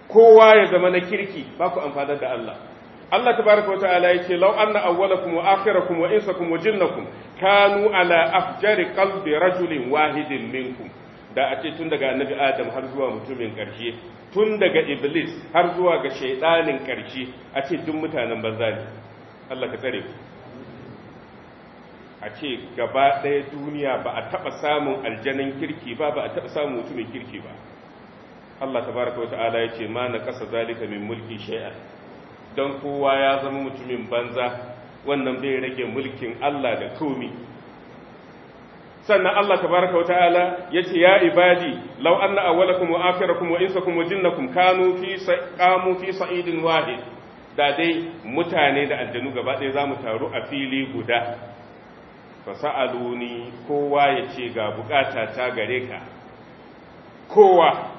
kowa ya zama na kirki ba ku da Allah Allah tabaraka wata'ala yace law anna awwalakum wa akhirakum wa insakum wa jinnakum kanu ala afjari qalbi rajulin wahidin minkum da a ce tun daga annabi adam har zuwa mutumin karshe tun daga iblis har zuwa ga shaidanin karshe a ce duk mutanen banza ne Allah ka tsare ku a ce gaba ɗaya duniya ba a taɓa samun aljanin kirki ba ba a taɓa samun mutumin kirki ba Allah tabaraka wata'ala yake ma na kasa zalika min mulki shay'an don kowa ya zama mutumin banza wannan bai rage mulkin Allah da komi sannan Allah tabaraka wa ta'ala yace ya ibadi law anna awwalakum wa akhirakum wa insakum wa jinnakum kanu fi saqamu fi sa'idin wahid da dai mutane da aljanu gaba ɗaya zamu taru a fili guda sa'aluni kowa yace ga bukata ta gare ka kowa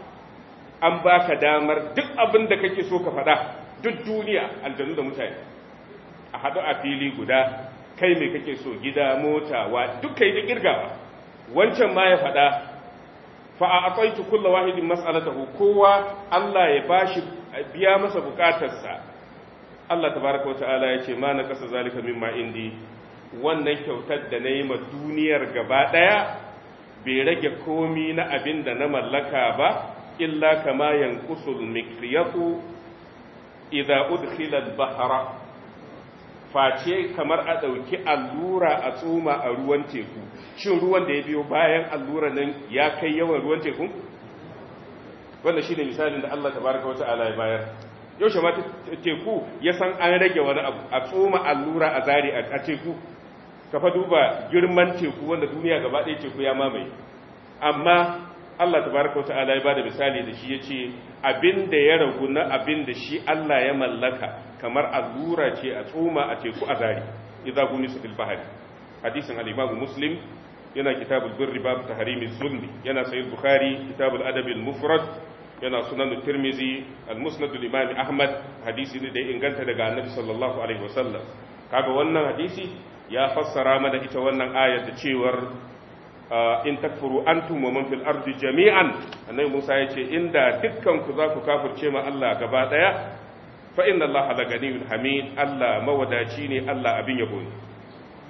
an baka damar duk abin da kake so ka faɗa duk duniya aljanu da mutane a haɗu a fili guda kai mai kake so gida mota wa duk kai da kirgawa wancan ma ya faɗa fa a ataitu kulla wahidin da kowa Allah ya bashi biya masa bukatarsa Allah baraka wa ta'ala ya ce ma na kasa zalika ma indi wannan kyautar da na yi ma duniyar gaba ɗaya bai rage komi na abin da na mallaka ba illa kama yankusul mikriyatu idza udkhila al-bahra face kamar a dauki allura a tsoma a ruwan teku shin ruwan da ya biyo bayan allura nan ya kai yawan ruwan teku wanda shine misalin da Allah tabaaraka wa ta'ala ya bayar yaushe ma teku ya san an rage wani abu a tsoma allura a zari a teku ka fa duba girman teku wanda duniya gaba ɗaya teku ya mamaye amma Allah tabaraka wa ta'ala ya bada misali da shi yace abinda ya ragu na abin da shi Allah ya mallaka kamar allura ce a tsoma a teku a idza gumisa fil bahri hadisin al-Imam Muslim yana kitabul birri bab tahrimi zulmi yana sahih Bukhari kitabul adab al-mufrad yana sunan Tirmizi al-Musnad al-Imam Ahmad hadisi ne da ya inganta daga Annabi sallallahu alaihi wasallam kaga wannan hadisi ya fassara mana ita wannan ayar da cewar in takfuru antum wa man fil ardi jami'an annabi Musa ya ce inda dukkan ku za ku kafirce ma Allah gaba daya fa inna Allah la ganiyul hamid Allah mawadaci ne Allah abin yabo ne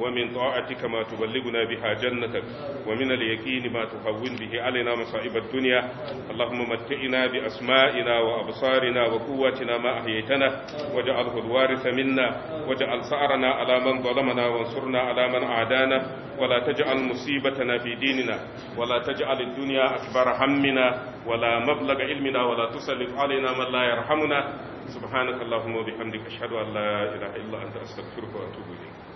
ومن طاعتك ما تبلغنا بها جنتك ومن اليقين ما تهون به علينا مصائب الدنيا اللهم متئنا بأسمائنا وأبصارنا وقوتنا ما أحييتنا واجعله الوارث منا واجعل سعرنا على من ظلمنا وانصرنا على من عادانا ولا تجعل مصيبتنا في ديننا ولا تجعل الدنيا أكبر همنا ولا مبلغ علمنا ولا تسلط علينا من لا يرحمنا سبحانك اللهم وبحمدك أشهد أن لا إله إلا أنت أستغفرك وأتوب إليك